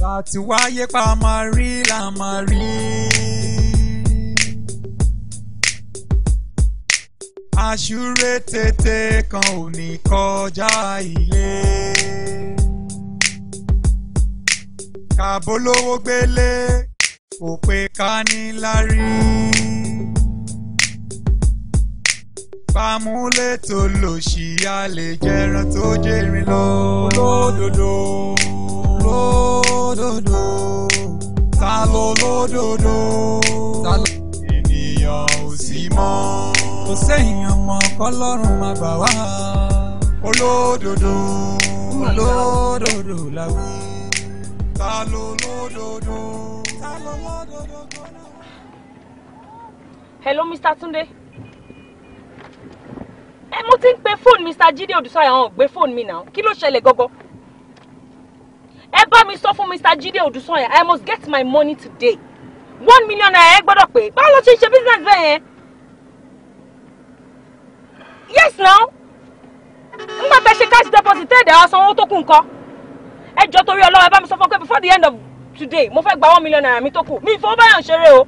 láti wáyé pa máa rí là máa rí. àṣùrẹ́ tètè kan ò ní kọjá ilé. kàbólówó gbélé kò pé ká ní lárí. bámúlé tó lòṣì a lè jẹran tó jẹrin lọ. olódodo lóò lódodo ta ló lódodo ènìyàn ò sí mọ́. kò séèyàn mọ́ kọ́lọ́run máa gbà wá. olódodo olódodo la wí. ta ló lódodo ta ló lódodo gbọ́dọ̀. hello Mr. Tunde ẹ eh, mo ti ń pe fóònù Mr. Jide. Odùsọ̀yà àwọn ò gbé fóònù mi náà kí ló ṣẹlẹ̀ gọ́gọ́ ẹ bá mi sọ fún Mr. Jide Odùsanyà I must get my money today one million naira ẹ gbọ́dọ̀ pé báwo ló ṣe ṣe business bẹ́ẹ̀ yẹn yes now nígbà tẹ ṣe cash deposit tẹ́ẹ̀dẹ̀ wá sanwó tó kù nǹkan ẹ jọ torí Ọlọ́run ẹ bá mi sọ fún ọ pé before the end of today mo fẹ́ gba one million naira mi tó kù mi ìfowó báyọ̀ ń ṣeré o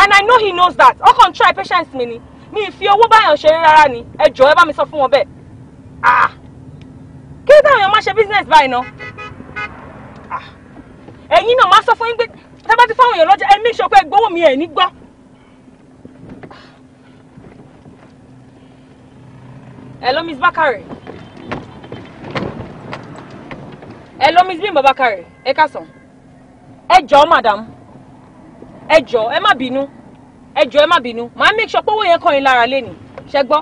and I know he knows that ọkàn try patience mi ni mi ìfi owó báyọ̀ ń ṣeré rárá ni ẹ jọ ẹ bá mi sọ fún wọn bẹ́ẹ̀ ah kí ló táwọn èèyàn máa ṣe business báyìí náà. Ah. ẹ̀yin náà máa sọ fún yín pé tá a bá ti fáwọn èèyàn lọ́jà ẹ make sure pé ẹ gbowó mi ẹ̀ ní gbọ́. hello miss bakare hello miss bimbo bakare ẹ kásán ẹ jọ̀ọ́ madam ẹ jọ̀ọ́ ẹ má bínú ẹ jọ̀ọ́ ẹ má bínú màá make sure pé owó yẹn kàn yín lára lẹ́nu ṣẹ gbọ́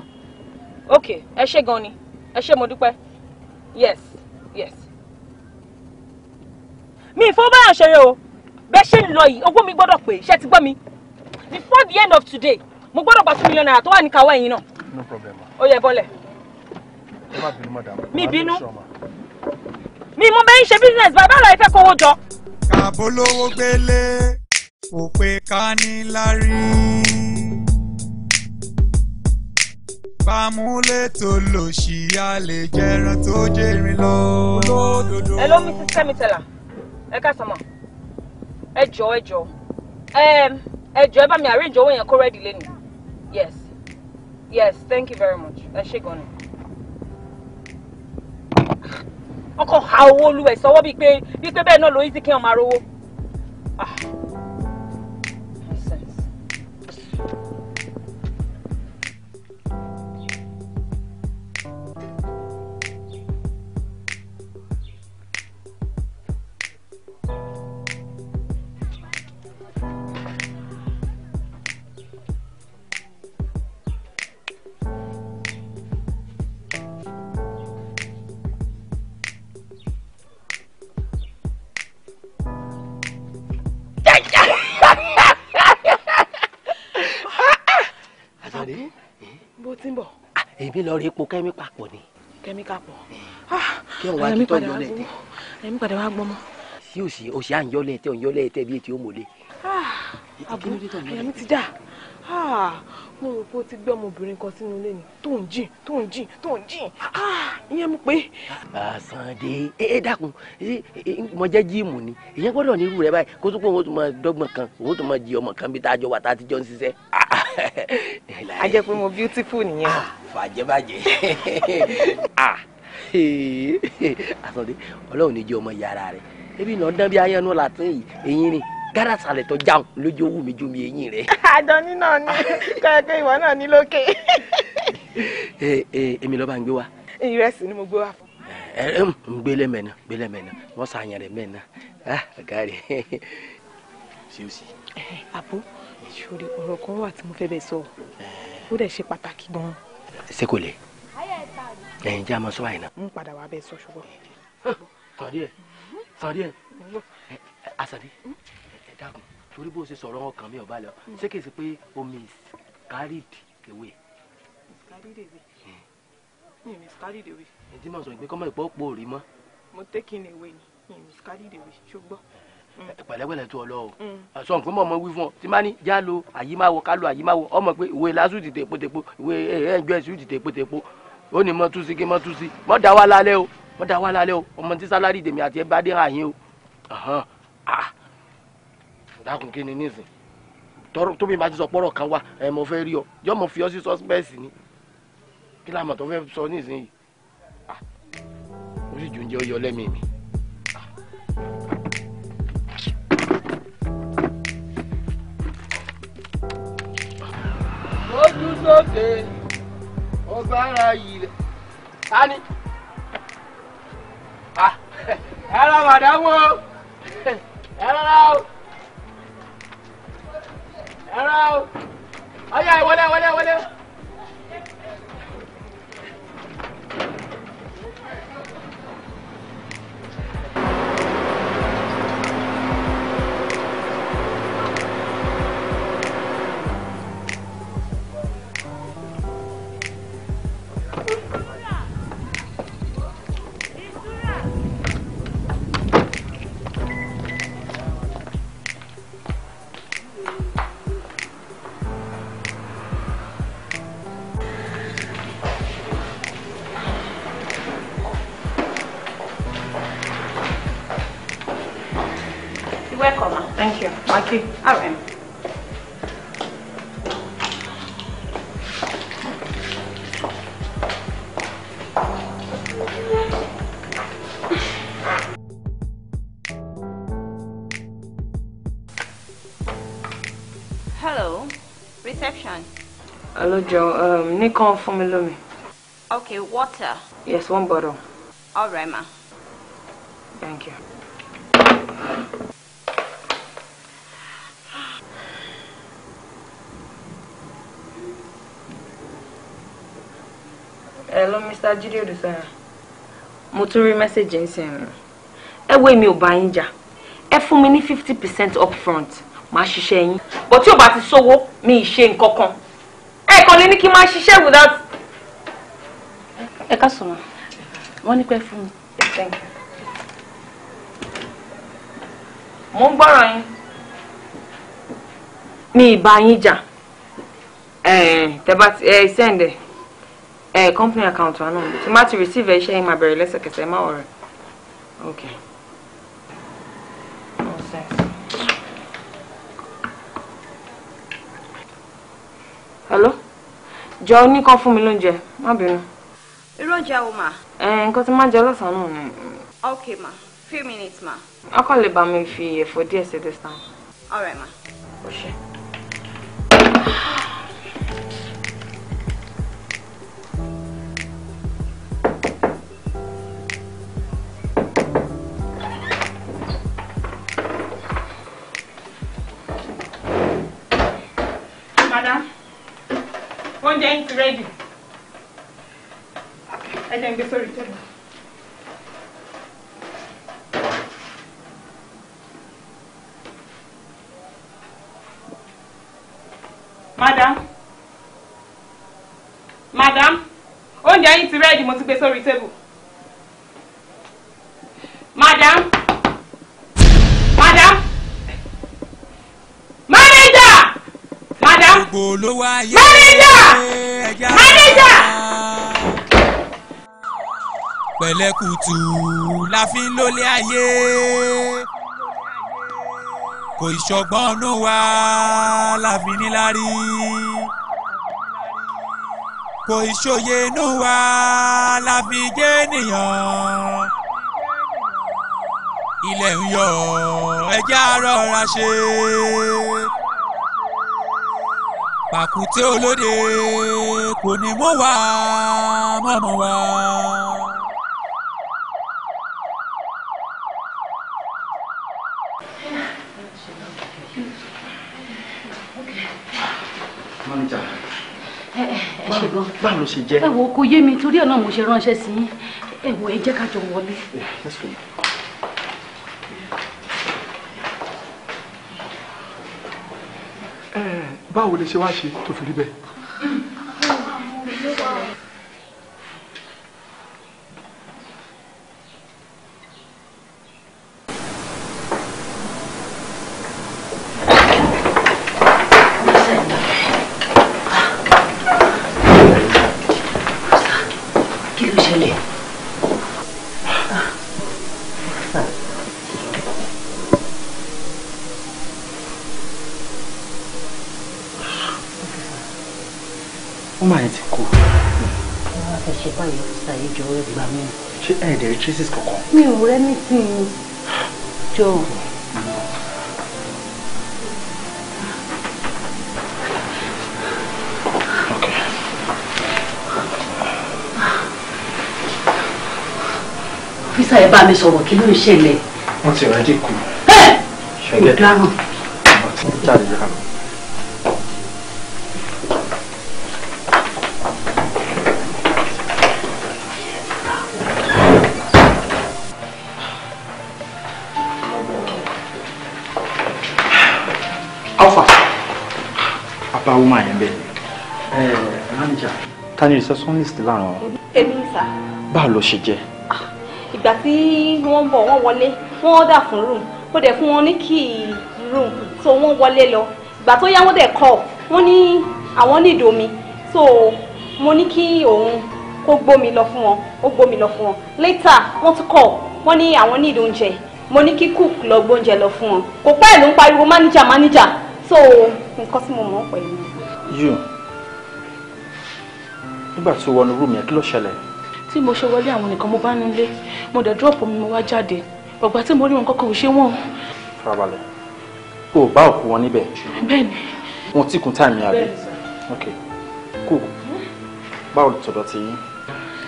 ok ẹ ṣé gan ni ẹ ṣé mo dúpẹ́ yes yes mi ìfowó báyọ̀ ṣeré o bẹ́ẹ̀ ṣe ń lọ yìí owó mi gbọ́dọ̀ pé iṣẹ́ ti gbọ́ mi before the end of today mo gbọ́dọ̀ gba two million naira tó wà ní kàwọ́ ẹ̀yìn náà. no problem. ó yẹ bọ́lẹ̀. ẹ má bínú madam. mi bínú mi mo bẹ́ẹ̀ ń ṣe business bàbá àlọ́ ìfẹ́ kówó jọ. kàbólówó gbélé kò pé ká ní lárí. bámúlé tó lò ṣìyà lè jẹran tó jẹrin lọ. ẹ ló mrs kẹ́mi tẹ̀lá ẹ ká sàmà ẹ jọ ẹ jọ bá mi arrange owó yẹn kó rẹ́dì lẹ́nu yes yes thank you very much ẹ ṣe gan ni. ọkọ̀ ha owó olú ẹ̀ sọ́wọ́ bíi pé bíi pé bẹ́ẹ̀ náà ló easy kí wọ́n máa èmi lọ rí epo kẹ́míkà pọ̀ ni. kẹ́míkà pọ̀ hmm. ah, kí ọ̀wá kí tọ́ yọ lẹ́tẹ̀. ẹ̀mí padà wá gbọ́mọ. sí òsì òsì à ń yọ lẹ́tẹ̀ ń yọ lẹ́tẹ̀ bí etí ó mọ̀lẹ́. Ah, àbúrò ẹ̀mí ti dà ah, mo rò pé o ti gbé ọmọbìnrin kan sínú ilé ni tó ń jìn tó ń jìn tó ń jìn ìyẹn mú pé. àsàndé ẹ ẹ dákun mo jẹ jíìmù ni ìyẹn gbọ́dọ̀ ní irú rẹ báyìí kó tó pé òun tó máa dọ́gbọ́n kan òun tó máa jí ọmọ kan bí tá a jọ wà tá a ti jọ ń ṣiṣẹ́ a jẹ́ pé mo beautiful nìyẹn. fàjẹbàjẹ ah, ah. àtọ̀dé ọlọ́run ní jẹ́ ọmọ yàrá rẹ̀ ebi náà dán bí ayánú latin yìí eyín rìn gára tó jáun lójú owó mi jómi eyín rẹ̀. àdánù náà ni kọ́yọ̀kọ́ ìwọ náà ní lókè. Eh, eh, èmi lọ́ba ń gbé wa. ìrẹsì ni mo gbé wa fún. ẹ eh, ẹ um, ń gbélé mẹ́nà gbélé mẹ́nà wọ́n sàyàn rẹ̀ mẹ́nà ah, ọ̀gá rẹ̀. ṣé o sì. àbó sori ọ̀rọ̀ kan wà tí mo fẹ́ bẹ̀ sọ ó dẹ̀ ṣe pàtàkì gan-an. ṣé kò lè ẹ̀yin jẹ́ àmọ́ sọ́wọ́ àyìnà. ń padà wá bẹ́ẹ̀ sọ ṣùgbọ́n. sọ̀rí ẹ̀ sọ̀rí ẹ̀ Àṣàbí ẹ̀ dákun torí bó ṣe sọ̀rọ̀ wọn kàn mí ọ̀bá lọ ṣé kìí ṣe pé omi carried away. carried away hmm. mi mi carried away. ẹ̀ tí mo sọ ìgbé kọ́mọ ìpọ́pọ̀ rí mọ́. mo taking away ni mi mi carried away ṣùgbọ́n. Eh pẹ̀lẹ́pẹ̀lẹ́ tó ọ lọ o mm. sọ nǹkan mọ̀ ọmọ wí fún ọ tí má ní já lo àyímáwo ká lo àyímáwo ọmọ pé ìwé lásù ti tèpotepo ìwé ẹ̀ẹ́djọ́ ẹ̀sù ti tèpotepo ó ní mọ́ tú sí kí mọ́ tú sí mọ́ da wá lálẹ́ o mọ́ da wá lálẹ́ o ọmọ tí sálárì tèmi àti ẹ bá dé àyín o ah. dákun kí ni nísìn tọrọ tóbi bá ti sọ pọ́rọ̀ kan wá ẹ mo fẹ́ rí ọ yọ mo fi ọ sí sọ́spẹ́sì ni kí lámọ̀ tó fẹ́ sọ nísìnyí ah. ó sì jù ń jẹ́ ó yọ lẹ́mìí mi. ojú sókè ọgbára yìí rẹ̀ tani ẹ ra màdámù o ẹ rárá o ẹ rárá o ọyá ìwọlé wọlé wọlé. jọ um, nìkan fún mi lómi. okay water. yes one bottle. all right ma. thank you. hello mr jide odusanya. mo tún rí mẹ́sẹ̀gì ń sìn ẹ wo èmi ò fifty percent upfront Ma ṣiṣẹ́ yín bó tí ò bá ti sówó mi ì ṣe ẹ̀kan lé ní kí n máa ṣiṣẹ́ without. ẹ ká sọ̀rọ̀ wọ́n ní pẹ́ fún mi. mo ń gbọ́rọ̀ yín. mi ìbá yín jà tẹ ẹ send ẹ company account wa náà tí má ti receive ẹ iṣẹ́ yín máa bẹ̀rẹ̀ lẹ́sẹ̀kẹsẹ̀ má ọ̀rẹ́ okay. Hello? jọ ní kán fún mi lóúnjẹ má bínú. irú ọjà o Ma? ẹ nǹkan tí máa jẹ lọ́sàn-án nù ni. ok ma few minutes ma. ọkọ lè bá mi fi ẹ̀fọ́ díẹ̀ sí this time. all right ma. o ṣe. Madam oúnjẹ yín ti ready, ẹ jẹ́ ń gbé sórí tẹ́lẹ̀. madam madam oúnjẹ yín ti ready, must be sorry sórí tẹ́lẹ̀. olówó ayé. mánéjà mánéjà. pẹ̀lẹ́kùtù la fi ń lólé ayé kò ìṣọ̀gbọ́n ọ̀nà wa la fi ní lárí kò ìṣòye inú wa la fi jẹ́ ènìyàn ilẹ̀ ń yọ ẹja rọra ṣe pàkúté olóde kò ní mú wá mọ́mọ́ wá. báwo ló ṣe jẹ́. ẹ wo kò yé mi torí ẹ náà mo ṣe ránṣẹ́ sí i ẹ wo ẹ jẹ́ ká jọ wọlé. báwo lè ṣe wá ṣe tó fi rí bẹ́ẹ̀. wọ́n máa yẹn ti kú. wọ́n á fẹ́ ṣe báyìí ọ́fíìsà yìí jọ ẹ gbà mí. ṣé ẹ dẹ̀ rí traces kankan. mi ò rẹ́ ní tì í jọ. ọ́fíìsà yẹn bá mi sọ̀rọ̀ kí ló ń ṣẹlẹ̀. wọ́n ti rẹ́dí kù. ṣẹ́gẹ́dẹ́ ọ̀tún jáde jáde. ta ni receptionist lára wọn. èmi ń sà. báwo ló ṣe jẹ. Ah, ìgbà tí wọ́n bọ̀ wọ́n wọlé wọ́n dà fún room ó dẹ̀ fún wọn ní kí room so wọ́n wọlé lọ ìgbà tó yá wọ́n dẹ̀ kọ́ wọ́n ní àwọn ní ìdomi so mo ní kí òun kó gbómi lọ fún wọn ó gbómi lọ fún wọn later wọ́n tún kọ́ wọ́n ní àwọn ní ìdóúnjẹ mo ní kí cook lọ gbóúnjẹ lọ fún wọn kò pẹ́ ló ń pariwo manager manager so nǹkan tí mo mọ̀ pẹ̀lú. you nígbà tí o wọnú rúùmù yẹn kí ló ṣẹlẹ̀. tí mo ṣe wọlé àwọn nìkan mo bá nílé mo dẹ̀ dúrọ̀pù mi mo wá jáde ọ̀gbà tí mo rí wọn kọ́kọ́ ò ṣe wọ́n. farabalẹ̀ o bá òkú wọn níbẹ̀. bẹ́ẹ̀ni. wọn ti kun táìmì àbí. ok kú báwo lè tọ̀dọ̀ ti yín.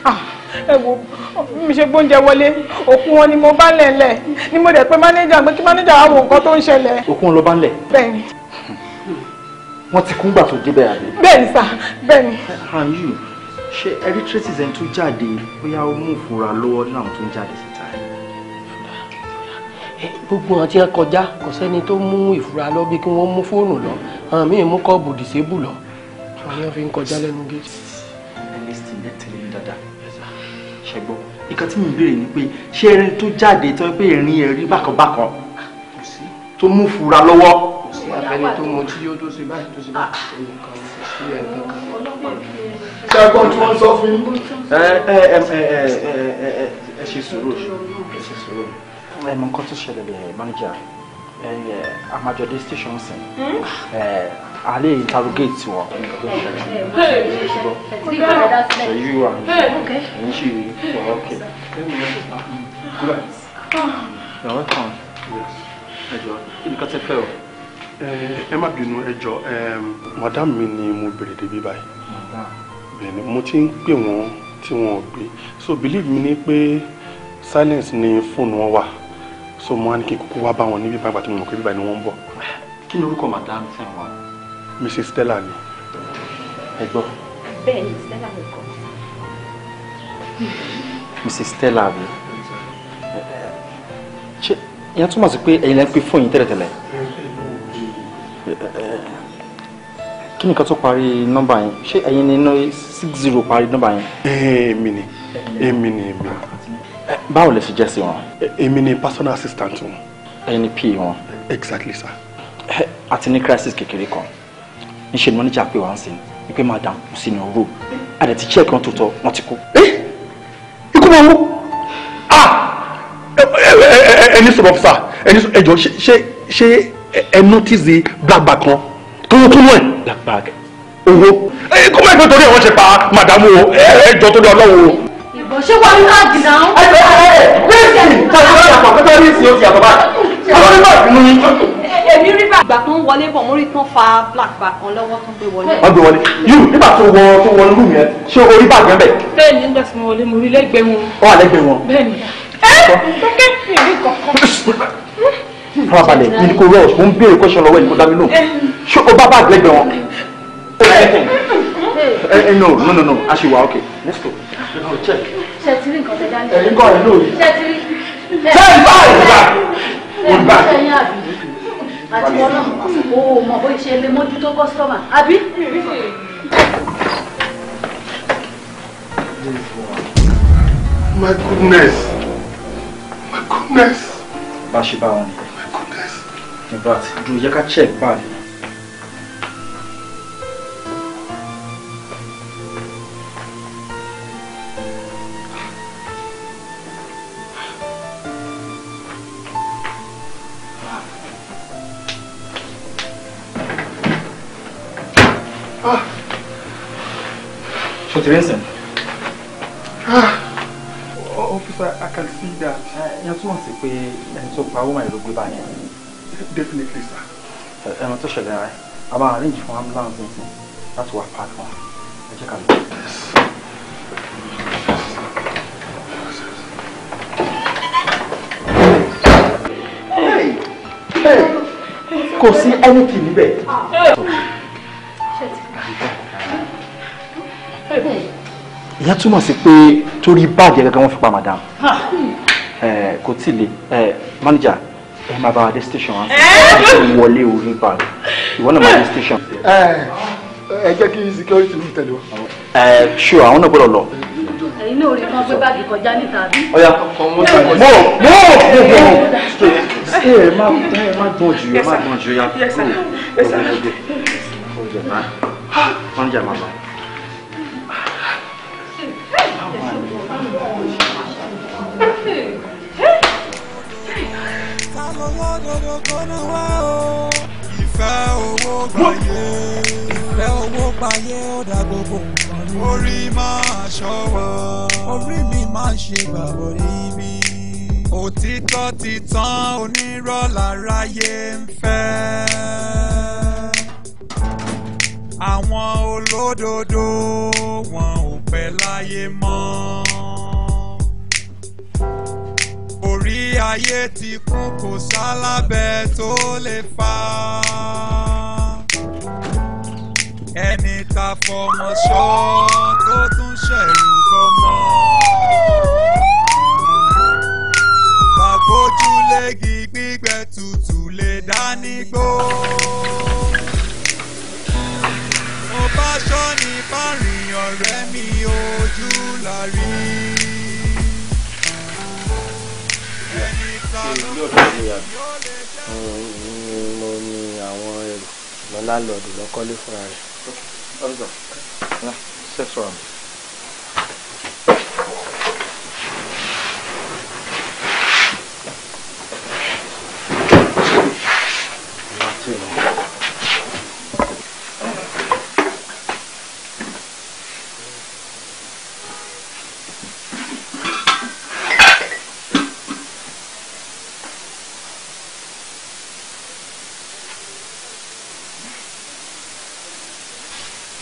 Ah, ẹ wo mi ṣe gbóúnjẹ wọlé òkú wọn ni mo bá lẹ̀lẹ̀ ni mo dẹ̀ pé mánéjà pé kí mánéjà wá wo nǹkan tó ń ṣẹlẹ̀. òkú wọn ló bá ń lẹ̀. bẹ́ẹ̀ni. wọ́n ti kúngbà tó débẹ̀ àbí. bẹ́ẹ̀ni sà bẹ́ẹ̀ni. and you ṣé ẹrí traces ẹni tó jáde bóyá ó mú ìfura lọ́wọ́ ní àwọn tó ń jáde síta ẹ̀. gbogbo àwọn tí wọn kọjá kò sẹ́ni tó mú ìfura lọ bí kí wọ́n mú fóònù lọ àwọn míì mú kọ́ọ̀bù dìsébù lọ wọn ni wọn fi ń kọjá lẹ́nu géètì. ẹlẹ́sìn ẹ tẹ̀lé mi dáadáa ṣẹ́gbọ́n nǹkan tí mi ń béèrè ni pé ṣé ẹrin tó jáde tó ń pè ẹrin ẹrí bákanbákan tó mú ìfura lọ́wọ́. kò sí àfẹnitó mo tí yóò tó ṣe báyìí tó ṣe báyìí ṣàgbọ́n tí wọ́n sọ fún yín. ẹ ẹ ẹ ẹ ẹ ṣe sùúrù ẹ ṣe sùúrù ẹ mọ nǹkan tó ṣẹlẹ̀ bẹ̀rẹ̀ manager amajọde station sin alẹ́ interrogate wọn. ṣèyí wà ní ṣì wà ókè. You're welcome. Ẹ jọ̀ọ́, kí ni ká tẹ fẹ́ o? Ẹ má bínú ẹ jọ̀ọ́, madam mi ni mo bèrè débi báyìí bẹ́ẹ̀ni mo ti ń pè wọ́n tí wọ́n ò gbé so believe me ni pé silence ni fóònù wọn wà so mo á ní kí n kúkú wá bá wọn níbi bàbá tí mo mọ̀ pé bíbá ni wọ́n ń bọ̀. kí ni orúkọ madam fún wa. mrs stella ni ẹ gbọ́. bẹ́ẹ̀ ni stella ló kọ́. mrs stella mi ṣe ìyẹn túmọ̀ sí pé ẹ̀yin lẹ́ ń pè fóònù yín tẹ́lẹ̀tẹ́lẹ̀ kí nìkan tó parí nọ́mbà yẹn ṣé ẹ̀yin ni iná six zero parí nọ́mbà yẹn. èmi ni èmi ni èmi. báwo lẹ ṣe jẹ́ sí wọn. èmi ni personal assistant wọn. ẹ̀yin ni pa wọn. exactly sir. àti ní crisis kékeré kan níṣẹ́ ni wọ́n níjà pé wọ́n ń sìn ní pé madam kù sínú ro àdẹ̀ ti check wọn tó tọ́ wọn ti kú. ikú máa mú ẹni sọ̀rọ̀ sà ẹni sọ̀rọ̀ ẹjọ́ ṣe ṣe ẹ notice black bag kan túmọ̀ ẹ̀. lápá kẹ. owó ẹ kó má gbé torí ẹ̀ wọ́n ṣe pa màdàmú o ẹ ẹ jọ torí ọlọ́run o. ìbọn ṣé wàá ní káàdì náà. ẹ ẹ ẹ wíìsì ni tàbí wọ́n yàtọ̀ pé tẹ́lẹ̀ ìsìn òsì àbábá àwọn nígbà ìbínú yín. èmi rí bá ìgbà tó ń wọlé bọ̀ mórí tán fa black bag kan lọ́wọ́ tó ń gbé wọlé. wọ́n gbé wọlé yìí nígbà tó wọ tó wọ lúù yẹn ṣé orí bàgẹ́ bẹ̀. bẹ́ẹ̀ ni nígbà tí mo wọlé mo rí lẹ́gbẹ̀ẹ́ wọn. ó wà lẹ́gbẹ̀ẹ́ wọn. bẹ́ẹ̀ ni ẹ ẹ kẹ́kẹ́ mi rí kọ̀ọ̀kan farabalẹ̀ ní kò rọ̀ mo ń béèrè kọ́sọ̀ lọ́wọ́ ẹ̀ kó dá mi lóhùn ṣé o bá bá àgbẹ̀gbẹ̀ wọn. Hey, ẹ no no no no a okay let's go. Oh, ṣe ti rí nǹkan tẹ dání. ẹ̀yin kọ́ ẹ̀ lóòrì. ṣe ti rí. ṣe ń bá ẹ̀ bá ẹ̀ bá ẹ̀ bá àti wọn náà o ò mọ̀ bó My goodness. My goodness. Bá a ṣe bá My goodness. In fact, dùn yẹ check báàgì. So the reason? Officer, I can see that. Ẹni tó ń to pay. ẹni tó pa woman ló gbé báyẹn. Definitely, sir. Ẹnu not sure rẹ̀, a máa arrange fún ambulance nísìn láti wá park wọn. Ẹ jẹ́ hey, lọ. Kò sí anything níbẹ̀. ìyẹn túmọ̀ sí pé torí báàgì gẹ́gẹ́ wọ́n fi pa madam kò tí ì le manager ẹ máa bá wa dé station wa ṣe wọlé orí báàgì ìwọ náà máa dé station. ẹ jẹ́ kí security room tẹ̀lé wa. ẹ ṣù àwọn náà gbọ́dọ̀ lọ. ẹ̀yin náà rí kan gbé báàgì kọjá níta bí. ọ̀ya mo mo mo mo ṣe ẹ má ẹ má dùn jù ẹ má dùn jù ya kúrò ọ̀gá ọ̀gá manager máa bá. gògógóná wá o ìfẹ́ owó gbàyé ìfẹ́ owó gbàyé ó dá gbogbo nǹkan rú. orí máa ṣọwọ́ orí mi máa ṣe bàbọ̀ níbí. òtítọ́ ti tán onírọ́ láráyé ń fẹ́. àwọn olódodo wọn ò pẹ́ láyé mọ́. ayé ti kún kò sálábẹ́ tó lè fà á. ẹni tá fọmọ ṣọ́ tó tún ṣẹ̀rù fọmọ. bàbójúlégi gbígbẹ tutù lè dání gbó. mo bá ṣọ́ ní bá rìn ọ̀rẹ́ mi ojú la ilé ọ̀dọ́ mi yà mo ní àwọn ẹrù lọ́lá lọ́dún lọ́kọ́lé fúnra rẹ̀. ọ̀sán ṣẹ̀ṣọ́ àmì.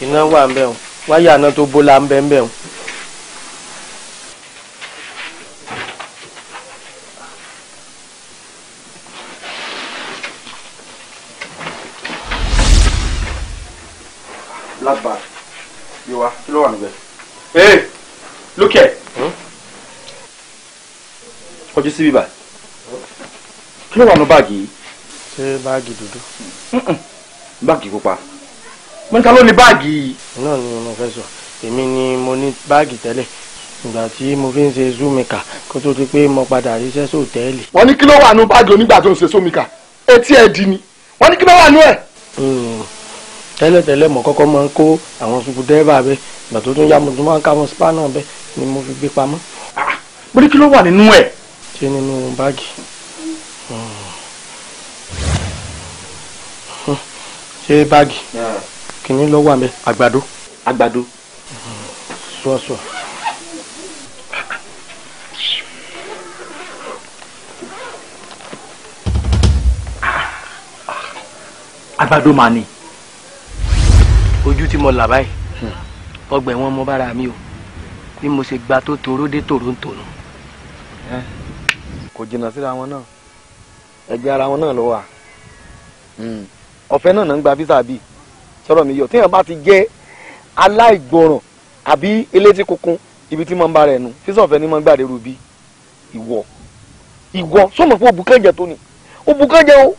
iná wà ń bẹ̀ o wáyà náà tó bó la ń bẹ́ ń bẹ̀ o. look here. ojú sí bíbá kí ló wà nù hmm? báàgì yìí. ṣé báàgì dúdú. báàgì pupa mo ní ta ló ní báàgì yìí. náà ni mo fẹ́ sọ èmi ni mo ní báàgì tẹ́lẹ̀ ìgbà tí mo fi ń ṣe zoomika kó tó di pé mo padà ríṣẹ́ sòtẹ́ẹ̀lì. wọ́n ní kí ló wà nù báàgì onígbà tó ń ṣe zoomika etí ẹ̀ di ni wọ́n ní kí ló wà nù ẹ̀. Hmm. tẹ́lẹ̀tẹ́lẹ̀ mo kọ́kọ́ máa ń kó àwọn sùkú dẹ́rẹ́bà bẹ́ẹ̀ ìgbà tó tún yá mo tún máa ń ká àwọn spa náà bẹ́ẹ̀ ni mo fi gbé pamọ́. Ah, mo ní kí ló wà nínú ẹ̀. ṣé nínú báàgì. Hmm. ṣé báàgì kìnní lọ wà mẹ àgbàdo. àgbàdo. sọsọ. àgbàdo mà ni ojú tí mo là báyìí hmm. ọgbà ẹ̀wọ̀n mo bára mi o bí mo ṣe gba tó toró dé tòró ń tòró. kò jìnnà síra wọn náà ẹgbẹ́ ara wọn náà ló wà hmm. ọ̀fẹ́ náà ń gba físà bíi sọ̀rọ̀ mi yọ téèyàn bá ti jẹ́ aláìgbọràn àbí elétí kunkun ibi tí mo ń bá rẹ̀ nu sísọ̀fẹ́ ni mo ń gbàdé rubí ìwọ ìwọ sọmọ fún òbúkànjẹ tó ni òbúkànjẹ o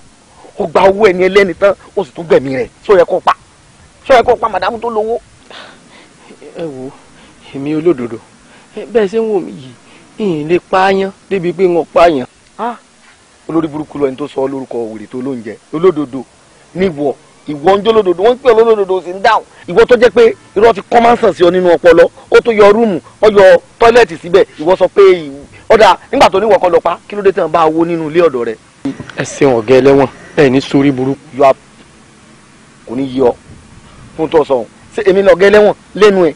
ó gba owó ẹni ẹlẹ́ni tán ó sì tún gbẹ̀mí rẹ̀ sọ yẹ kó pa sọ yẹ kó pa màdàmú tó lówó. ẹ wo èmi olódodo bẹ́ẹ̀ ṣe ń wò mí yìí ìyìn lè pààyàn débi pé wọ́n pààyàn. olórí burúkú lọ ẹni tó sọ ọ lórúkọ wèrè tó lóúnjẹ olódodo níwọ̀ ìwọ ń jó lódodo wọ́n ń pè olódodo sí ń dáhùn ìwọ tó jẹ́ pé irọ́ ti kọ́ máa ń sàn sí ọ nínú ọpọlọ ó tó yọ rúùmù ó yọ tọ́ílẹ̀tì síbẹ̀ ìwọ sọ pé ọ̀dà nígbà tó ní ìwọ kan lọ pa kí ló dé tán bá owó nínú ilé ọ̀dọ̀ rẹ. ẹ ṣeun ọ̀gá ẹlẹ́wọ̀n ẹ ní sórí burúkú. yọ kò ní yí ọ fún tó sọ ṣé èmi lọ̀gá ẹlẹ́wọ̀n lẹ́nu ẹ̀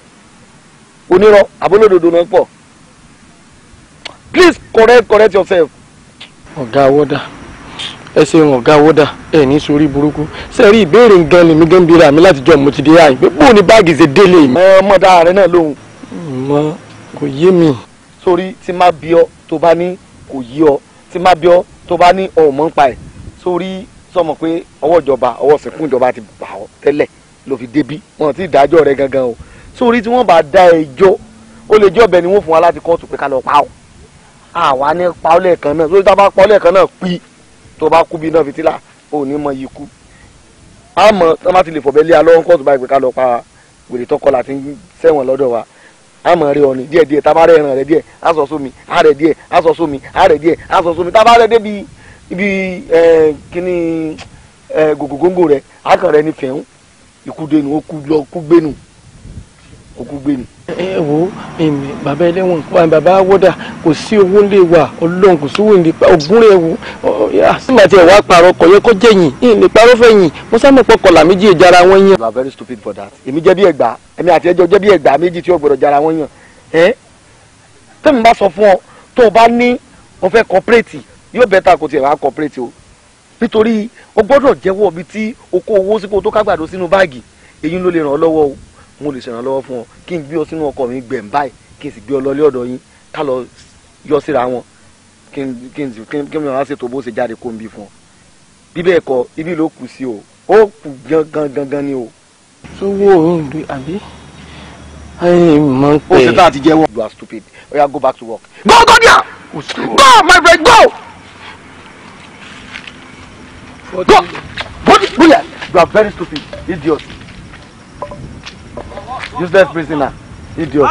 onírọ̀ àbólódodo náà pọ̀ please correct correct yourself. ọ̀gá wọ́dà ẹ ṣeun ọ̀gá wọ́dà ẹ ní sórí burúkú sẹ́rí ìbéèrè nǹkan lèmi gan bíra mi láti jọ mo ti dé àyìn pé bóun ni báàgì ṣe délé mi. ọmọ dáa rẹ náà lóhùn. mo kò yé mi. sórí tí má bí ọ tó bá ní kò yé ọ tí má bí ọ tó bá ní ọmọ ń pa ẹ sórí sọmọ pé ọwọ́ ìjọba ọwọ́ sìnkún ìjọba ti bà ọ tẹ́lẹ̀ ló fi débí wọn ti dájọ́ rẹ gangan o sórí tí wọ́n bá dá ẹjọ́ ó lè jọ́ bẹ̀ ni wọ́n fún wa láti kóòtù pé ká lọ pa ọ́ àwa ní pa ọ́ lẹ́ẹ̀kan náà sórí tá a bá pa ọ́ lẹ́ẹ̀kan náà pín tó bá kú bí iná fìtílà ò ní mọ yìí kú àmọ́ tó bá ti lè fọ̀bẹ́ lé alọ́wọ́ kóòtù báyìí pé ká lọ pa wèrè tọkọ láti sẹ́wọ̀n lọ́dọ̀ wa àmọ́ rẹ ọ̀nì díẹ̀ díẹ̀ tábà rẹ ẹran rẹ díẹ̀ aṣọ sómi àrẹ díẹ̀ aṣọ sómi àrẹ díẹ̀ aṣọ sómi tábà rẹ débi ibi ẹ kíní ẹ gògògóńgò rẹ akàn rẹ ní fẹ̀hún ikú denu ó kú lọ kú gbénu kókó gbé ni. ẹ wo bàbá ẹlẹ́wọ̀n bàbá wọ́dà kò sí owó lè wà ọlọ́run kò sówó nípa ògùn rẹ̀ wò àtìmọ̀ tí ẹ̀ wá parọ́ kọ̀ yẹ kó jẹ́ yìn yìn lè parọ́ fẹ́ yìn mo sá mọ̀ pọ̀ kọ̀là méjì ìjà ara wọn yàn. you are very stupid for that. èmi jẹ́ bí ẹgbàá èmi àti ẹjọ́ jẹ́ bí ẹgbàá méjì tí ó gbọ́dọ̀ jara wọn yàn. ẹ tẹ́mi bá sọ fún ọ tó o bá ní o fẹ́ cooperate yóò bẹ́tà kó tiẹ̀ wá cooperate o nítorí o gbọ́dọ̀ jẹ́wọ́ bíi tí o kó owó sí kó o tó kágbàdo sínú báàgì èyí ló lè ràn ọ́ lọ́wọ́ o mo lè ṣèrànlọ́wọ́ fún ọ kí n gbé ọ sínú ọkọ̀ mi gbẹ̀m báyìí kí n sì gbé ọ lọlé ọ̀dọ̀ yín ká lọ yọ síra wọn kí n kí n sì kí n wá ṣètò bó ṣe jáde kó n bí fún ọ bí bẹ́ẹ̀ kọ́ ibi ló kù sí o ó kù gan gan gan ni o. sówó òun lu àbí ayé mọ pé. o ṣe tá a ti jẹ́wọ́. you are stupid oya go back to work. go go there go my friend go. go go there you are very stupid idiot useless prisoner idiot.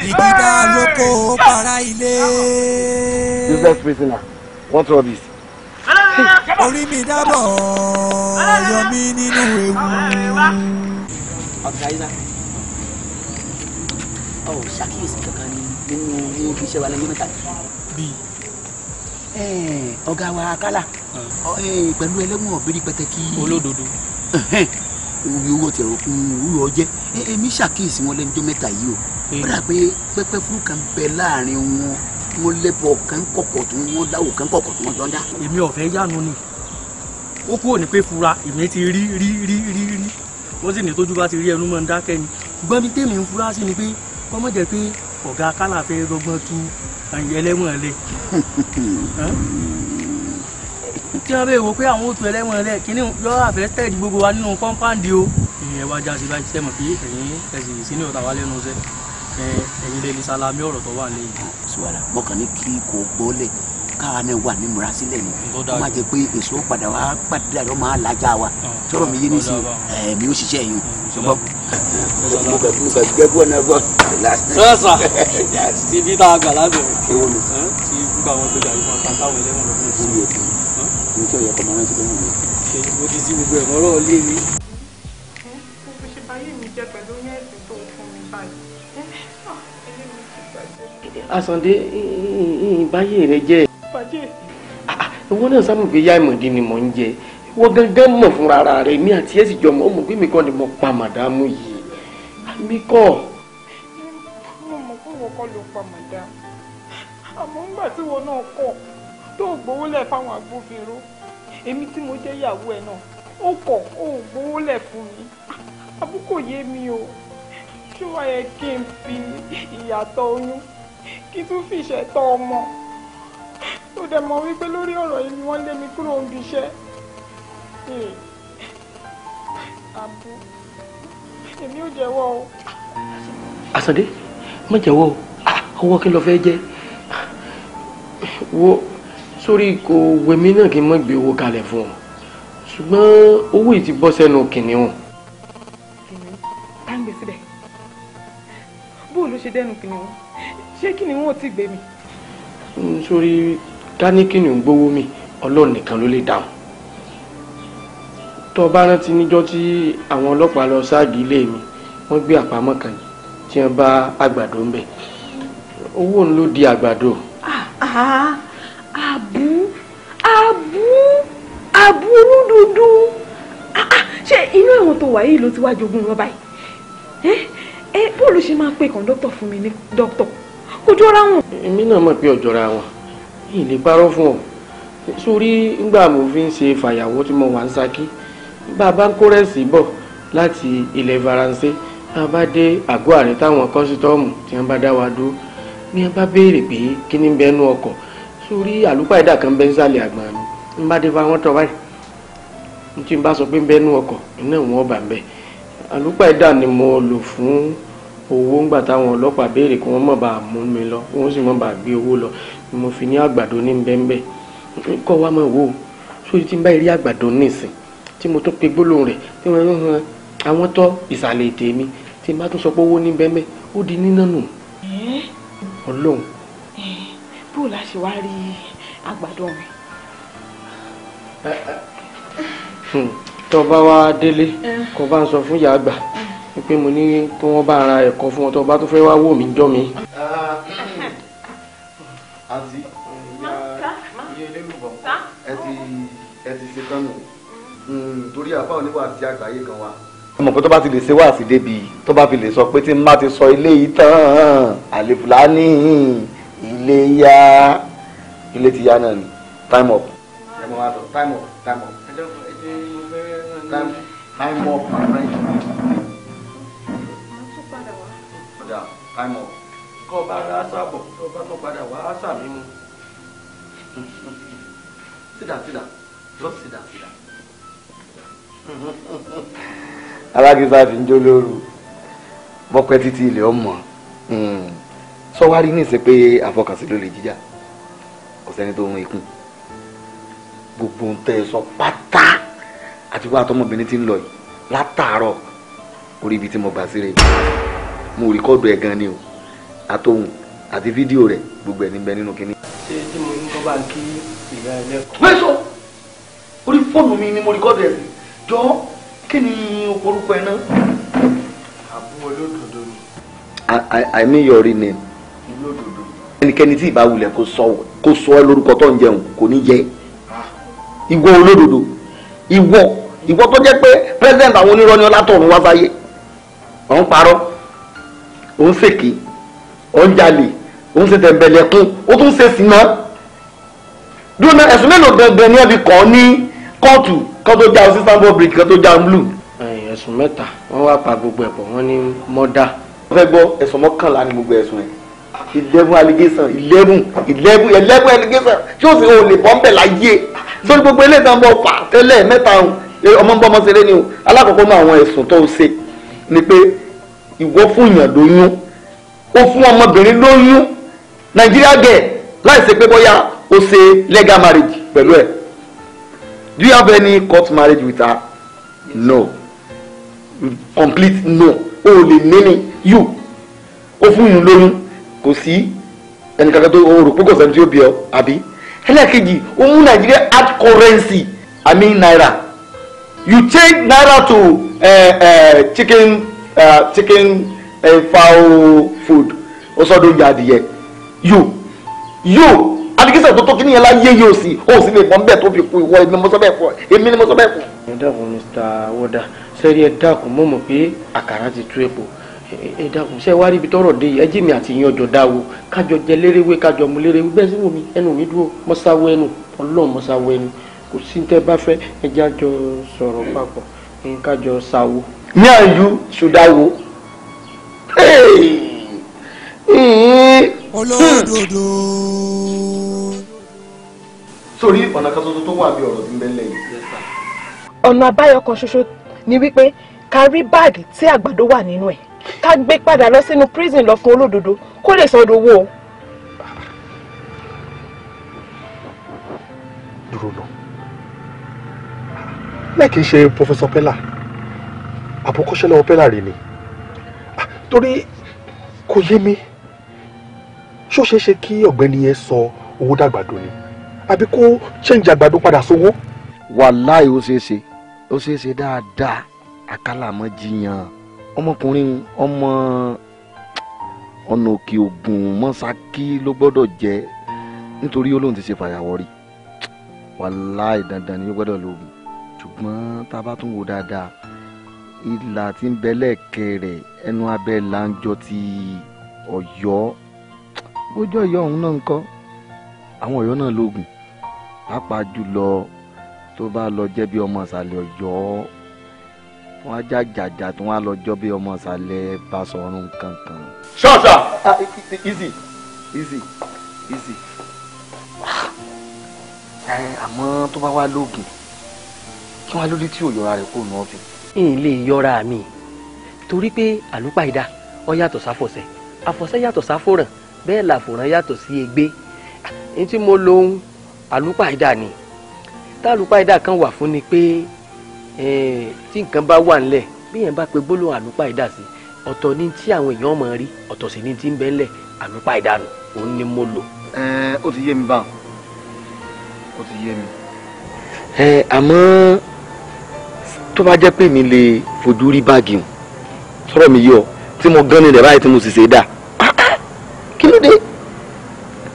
ìdídá lóko para ilé. useless prisoner want rubbish. orí mi dábọ̀ yọ mí nínú ewu. ọ̀gáyìnà ọ̀ ṣàkíyèsí kankan nínú nínú iṣẹ́ wa lẹ́yìn mẹ́ta. bíi ọ̀gá wa kálá pẹ̀lú ẹlẹ́wọ̀n ọ̀bẹ̀rẹ̀ pẹ̀tẹ́kì. olódodo orí owó tẹ̀ òkun òwúrọ̀ jẹ́ ṣàkíyèsí wọn lẹ́nu tó mẹ́ta yìí o ó pé pẹ́pẹ́ fúru kan bẹ láàrin wọn wọn lẹ́bọ̀ kan kọ̀kọ̀ tó wọn dáwò kan kọ̀kọ̀ tó wọn jọ dá. èmi ọ̀fẹ́ yánu ni ó kúrò ní pé fura èmi ti rí rí rí rí rí wọ́n sì ní tójú bá ti rí ẹnu máa ń dákẹ́ ni ṣùgbọ́n mi tèmi ń fura sí ni pé wọ́n mọ̀ jẹ́ pé ọ̀gá kálà fẹ́ rọgbọ́n tu ẹlẹ́wọ̀n lé. kí wọ́n bèèrè wò pé àwọn òtún ẹlẹ́wọ̀n ẹlẹ́ kínní yọ àfẹ́tẹ̀dì gbogbo wa nínú kọ́ńpáǹdì o ìyẹn wá já sí báyìí sẹ́mọ̀ pé ẹ̀yin ẹ̀sìn ìsínú ọ̀tà wa lẹ́nu iṣẹ́ ẹ̀yin lẹ́ni sálámí ọ̀rọ̀ tó wà lẹ́yìn. sùwàlà mọ̀kàn ní kí kò gbọ́lẹ̀ káwa náà wà ní múra sílẹ̀ ni ó má jẹ́ pé èso padà wá padà lọ́ máa lajà wa tọrọ mi yé ní sí ẹ̀mí ó ṣiṣẹ́ yìí ṣùgbọ́n. mo kà mo kà gbẹ́ bọ́ náà bọ́. sọ́ọ̀sà ti bí tá a gbà lábẹ́ rẹ̀ ti gbà wọn gbé gàrí fún ọ̀tá táwọn ẹlẹ́wọ̀n lọ́kùnrin sí i ní tí ọ̀yọ́ kọmọ rántí lóhùn mi. ṣèyí mo ti sí gbogbo ẹ̀mọ́ ọ̀rọ̀ lé mi. báyé rẹ jẹ́. ìwọ náà sábà pé yá ìmọ̀dé ni mò ń jẹ ìwọ gangan mọ̀ fúnra ara rẹ mi àti ẹ̀sìn jọ mọ̀ ọmọ pé mi kàn ni mo pa màdámù yìí mi kọ́. mo mọ̀ pé wọ́n kọ́ ló pa màdámù àmọ́ ńgbà tí wọn náà kọ̀ tó ò gbowó lẹ̀ fáwọn agbófinró èmi tí mo jẹ́ ìyàwó ẹ̀ náà ó kọ̀ ó gbowó lẹ̀ fún mi àbúkò yé mi o ṣé wàá yẹ kí n fi ìyàtọ̀ oyún kí tún fi ìṣẹ̀tọ̀ ọmọ tó dẹ̀ mọ̀ wípé lórí ọ̀rọ̀ yìí ni wọ́n lé mi kúrò ń bíṣẹ́ àbú èmi ò jẹ́wọ́ o. Àsàndé má jẹ́wọ́ o ọwọ́ kí n lọ fẹ́ jẹ́ wo sórí kò wẹ̀mí náà kí n mọ̀ gbé owó kalẹ̀ fún ọ ṣùgbọ́n owó yìí ti bọ́ sẹ́nu kìnìún. kìnìún tá ń gbé síbẹ̀ bó ló ṣe dẹnu kìnìún ṣé kìnìún ò tí gbé mi. Hmm, sórí ká ní kìnìún gbówó mi ọlọ́run nìkan ló lè dáhùn tó bá rántí níjọ́ tí àwọn ọlọ́pàá lọ ṣáàgì ilé mi wọ́n gbé àpamọ́ kan tí wọ́n bá àgbàdo ń bẹ̀ owó ń ló di àgbàdo. ah ah Abu, Abu, àbú olúdúdú ah, ah, ṣé inú ẹ̀wọ̀n tó wà yìí ló ti wá jogún lọ báyìí ẹ bóòlù ṣe máa pe kọ̀ńdọ́tọ̀ fún mi ní dókítọ̀ kò jọra wọn. èmi náà mọ̀ pé ọ̀jọ̀ra wọn yìí lè parọ́ fún ọ sórí ngbà mo fi ń ṣe fàyàwọ́ tí mo wà ń Ṣakí bàbá ń kórẹ́sì bọ̀ láti ilẹ̀ Faransé tá a bá dé àgọ́ àrẹ táwọn kọ́sítọ́ọ̀mù tí wọ́n bá dá wa dúró ni wọ́n bá béèrè pé kí ni bẹ́ẹ̀ nú ọkọ̀ sórí àlùpàdà kan bẹ́ ń sàlẹ̀ àgbà mi ń bá dé bá wọn tọ́ báyìí ní tí n bá sọ pé ń bẹ́ nú ọkọ̀ iná ìwọ̀n ọba ń bẹ́ àlùpàdà ni mo lò fún owó ńgbà táwọn ọlọ́pàá béèrè kí wọ́n má bàa mú mi lọ kí wọ́n sì má bàa gbé owó lọ ni mo fi ní àgbàdo ní bẹ́ńbẹ́ kọ́ wa mọ̀ wò ó sórí tí n bá rí àgbàdo nísìn tí mo tún pe gbólóhùn rẹ̀ tí wọ́n ń han àwọn tọ́ ìsàlẹ̀ ètè mi tí n bá tún sọ pé owó ní bẹ́ńbẹ́ ó di níná nù ọlọ́run bó la ṣe wá rí àgbàdo mi. Hmm, tó bá wá délé kó bá ń sọ fún ìyá àgbà pé mo ní kí wọ́n bá ara ẹ̀kọ́ fún wọn tó bá tó fẹ́ wá wò mí jọ́ mi. Ah, hmm. àǹtí iye lélùbọ̀ ẹ ti ẹ ti ṣe tán nù hmm, torí àbá oníwà àti àgbáyé kan wa mọ̀ pé tó bá ti lè ṣe wá sí débi tó bá fi lè sọ pé tí n má ti sọ ilé yìí tán àlè iléyá ilé ti yá náà ni time up. ẹ mọ̀ time up time up time up my friend. ọ̀dà time up. kọ́ ọ bá rà á sábọ̀ tó bá tó padà wá á sàmì mu. sit down sit down just ń jó lóru bọ́pẹ́ títí ilé ọmọ. Hmm sọ wá rí nísìn pé àfọkànsí ló lè jíjà kò sẹ́ni tó ń ikùn gbogbo ń tẹ́ ẹ sọ pátá àti wá àtọmọbìnrin tí ń lọ yìí látàárọ̀ orí ibi tí mo gbà síre mo rìkọ́dù ẹ̀ gan ni o àtòhùn àti fídíò rẹ̀ gbogbo ẹ̀ níbẹ̀ nínú kínní. ṣé tí mo ní kó bá ń kí ìyá ẹ lẹ́kọ̀ọ́. mẹ́sọ̀ orí fóònù mi ni mo rìkọ́dù ẹ̀ sí jọ kí ni orúkọ ẹ náà. àbúrò olódodo ni. I, I, I mean your real name ẹnikẹ́ni tí ìbá wulẹ̀ kó sọ kó sọ ẹ lórúkọ tó ń jẹun kò ní jẹ ìwọ olódodo ìwọ ìwọ tó jẹ́ pé president àwọn onírọ́ ni ọlátọ̀run wá sáyé ọ̀ ń parọ́ ò ń ṣèké ò ń jalè ò ń ṣe tẹ̀m̀bẹ̀lẹ̀kún ó tún ṣe sí náà dúró náà ẹ̀sùn mélòó gangan ni ẹbí kan ní kóòtù kan tó já sí sanbo bridge kan tó já blue. ẹ̀sùn mẹ́ta wọ́n wá pa gbogbo ẹ̀pọ̀ wọ́n ní mọ́dá. wọ́n fẹ́ gbọ́ ẹ̀sùn mọ́kànlá ni gbogbo ẹ̀sùn ẹ̀ eleven allegation eleven eleven eleven allegation tí ó sì ò lè bọ́ ń bẹ̀ láyé lórí gbogbo eléyìí náà mọ̀ fà tẹ́lẹ̀ mẹ́ta ọmọ ń bọ́ ọmọ ṣeré ni o alákọ̀ọ́kọ́ náà àwọn ẹ̀sùn tó ń ṣe ni pé ìwọ fún èèyàn lóyún ó fún ọmọbìnrin lóyún nàìjíríà gẹ̀ láì ṣe pé bóyá ó ṣe legal marriage pẹ̀lú ẹ̀ do you have any court marriage with her no complete no o lè ní ni you ó fún yín lóyún kò sí ẹnìkankan tó o rò pé kò sẹ́ni tí ó bí ọ àbí ẹlẹ́ẹ̀kejì ó mú nàìjíríà add currency i mean naira you change naira to uh, uh, chicken uh, chicken uh, fowl food ó sọ dóúnjẹ adìyẹ yóò You, alikisa tó tó kí nìyẹn láyé yóò sí ó sì lè pọn bẹ́ẹ̀ tó fi kú ìwọ èmi mọsọ bẹ́ẹ̀ fọ èmi ni mọsọ bẹ́ẹ̀ fọ. ẹ dákun mr wọdà sẹ́rí ẹ dákun mọ̀ mọ̀ pé àkàrà ti tú epo Eh, eh, ẹ dàkún ṣe wá rí tọrọ dé yìí ẹ àti ìyẹn ọjọ dáwọ kájọ jẹ lérewé kájọ mu lérewé bẹ́ẹ̀ ẹnu mi dúró mọsáwó ẹnu Ọlọ́run mọsáwó ẹnu kò sí ní tẹ bá fẹ́ ẹ jẹ àjọ papọ̀ ní kájọ kan tuntun ni wípé ká rí báàgì tí àgbàdo ká gbé padà lọ sínú prison lọ fún olódodo kó lè sọdọ owó o. dúró lọ lẹ́ẹ̀kì í ṣe pọfẹsọ pẹ́là àbọ̀kọ́ṣẹ́lẹ̀ Pella. rè ni ah, torí kò yé mi ṣó ṣeé ṣe kí ọ̀gbẹ́ni yẹn sọ owó dàgbàdo ni àbí kó ṣẹ́ǹjì àgbàdo padà sówó. wàláì ó ṣeé ṣe ó ṣeé ṣe dáadáa àkàlà mọ́ jiyàn ọmọkùnrin ọmọ ọ̀nà òkè ògùn mọ́sákí ló gbọ́dọ̀ jẹ́ nítorí olóhùn ti ṣe fàyàwọ́ rí wàláì dandan ni ó gbọ́dọ̀ lóògùn ṣùgbọ́n tá a bá tún wò dáadáa ìlà tí ń bẹ lẹ́ẹ̀kẹ́ rẹ̀ ẹnu abẹ́ láńjọ ti ọ̀yọ́ gbójú ọ̀yọ́ ọ̀hún náà ń kọ́ àwọn ọ̀yọ́ náà lóògùn pàápàá jùlọ tó bá lọ jẹ́ bí ọmọ ìsàlẹ̀ ọ̀yọ́ wọn á jàjàjà tí wọn á lọ jọ bí ọmọ ìsàlẹ̀ Basọ̀run kankan. ṣọ́ọ̀ṣà. Ah, e, e, easy easy easy. Ah, àmọ́ tó bá wá lóògùn kí wọ́n á lórí tí òyọ́ra rẹ̀ kò nù ọ́ fi. n lè yọra mi torí pé àlùpàìdá ọ yàtọ̀ sáfọ̀sẹ̀ àfọ̀sẹ̀ yàtọ̀ sáfòràn bẹ́ẹ̀ làfòràn yàtọ̀ sí egbé ní tí mo lo ohun àlùpàìdá ni tá àlùpàìdá kan wà fún ni pé. Pe Eh, tí nǹkan bá wà ńlẹ̀ bí yẹn bá pe gbólóhùn àlùpà ìdá sí ọ̀tọ̀ ní tí àwọn èèyàn mọ̀ rí ọ̀tọ̀ sì ní tí ń bẹ ńlẹ̀ àlùpà ìdá nù òun ni mo lò. Eh, ó ti yé mi báwọn ó ti yé mi. Eh, àmọ́ tó bá jẹ́ pé mi lè fojú rí báàgì hùn sọ̀rọ̀ mi yọ tí mo gán ni rẹ̀ báyìí tí mo sì ṣe dà kí ló dé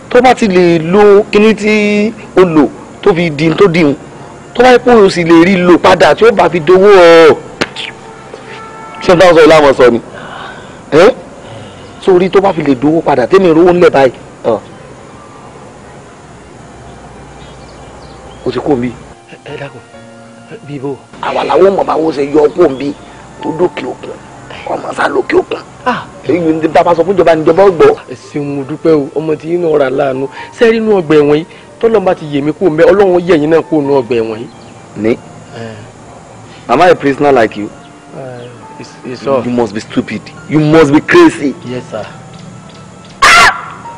tó bá ti lè lo kíní tí ó lò tó fi di tó dìhun tó bá yẹ kó o sì lè rí lò padà tí ó bá fi dowó ọ ṣé n táwọn sọ ìlànà sọ ni sórí tó bá fi lè dowó padà tẹ́mi rówó ńlẹ̀ báyìí o ti kó mi. ẹ dàgbọ́ bí bó. àwa làwọn mọ̀ bá wo ṣe yọ kó mi tó dókè òkun ọmọ sá lókè òkun èyí ni tá a bá sọ fún ìjọba níjọba ọgbọ. ẹ ṣeun mo dúpẹ́ o ọmọ tí yín náà rà láàánú sẹ́rínú ọgbà ẹ̀wọ̀n yìí tọ́lọ́mọba ti yèmí kó mẹ́ ọlọ́run yẹ̀ yín náà kó nu ọgbà ẹ̀wọ̀n yìí. ni eh. am I a prisoner like you? Uh, it's, it's you must be stupid you must be crazy. yes sir. Ah!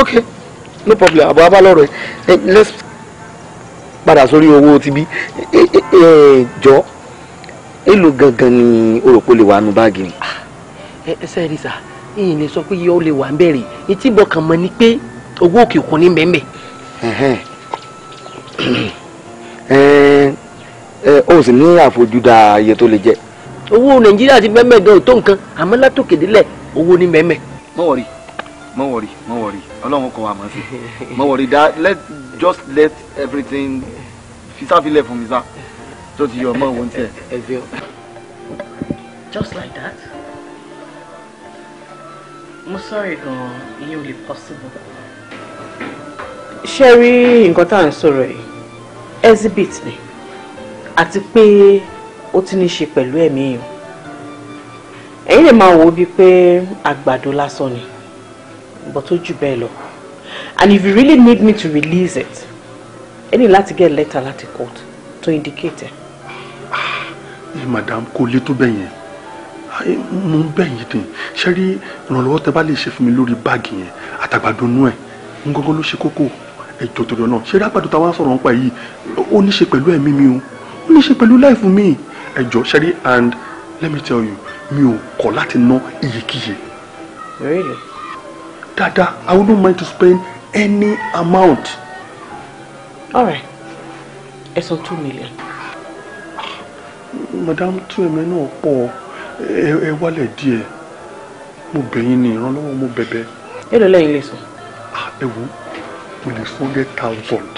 okay no problem àbọ̀ abálọ̀rọ̀ ẹ eh, let's padà sórí owó ti bí jọ èlò gangan ni o rò pé ó lè wà nù báàgì mi. Ah, ẹ ẹ sẹ́ẹ̀rì sà ìyìn lè sọ pé yóò lè wà ń bẹ̀rẹ̀ etí bọ̀ kàn mọ́ ni pé owó òkè òkun ní bẹ́ẹ̀ bẹ́ẹ̀. o sì ní àfojúda iye tó lè jẹ. owó nàìjíríà ti bẹ́ẹ̀ gan tó nǹkan àmọ́ látòkè owó ní bẹ́ẹ̀ bẹ́ẹ̀. má wọrí ọlọ́run kọ́ wa mọ̀ sí má dá let just let everything fisafilẹ̀ fún mi sá tó ti yọ ọmọ òun tiẹ̀. just like that mo sorry, gan-an ìyẹn ò possible ṣe rí nǹkan tá à ń sọ̀rọ̀ yìí exhibit ni àti pé ó ti ní ṣe pẹ̀lú ẹ̀mí èèyàn ẹ̀yin lè máa wò ó bíi pé àgbàdo lásán ni but ó jù bẹ́ẹ̀ lọ and if you really need me to release it ẹ ní láti get letter láti court to indicate ẹ. Ah, madam kò lè tó bẹ́ẹ̀ yẹn mo ń bẹ̀ yín dìn ṣé rí ìrànlọ́wọ́ tẹ bá lè ṣe fún mi lórí báàgì yẹn àtàgbàdo nú ẹ̀ ń gọ́gọ́ ló ṣe kókó ẹjọ́ torí ọ̀nà ṣé rágbàdo táwa sọ̀rọ̀ nípa yìí ó ní ṣe pẹ̀lú ẹ̀mí mi o ó ní ṣe pẹ̀lú láìfún mi ẹjọ́ ṣẹ́rí and let me tell you mi ò kọ̀ láti ná iyekíye. really. dada i wouldn't mind to spend any amount. alright ẹ two million. Madame, two ẹ̀mẹ́ náà pọ̀ ẹ wálẹ̀ díẹ̀ mo bẹ̀ yín ní ìrànlọ́wọ́ mo bẹ̀bẹ̀. èlò lẹ́yìn lè sọ. Ah, ẹ wò ó mo lè fún hundred thousand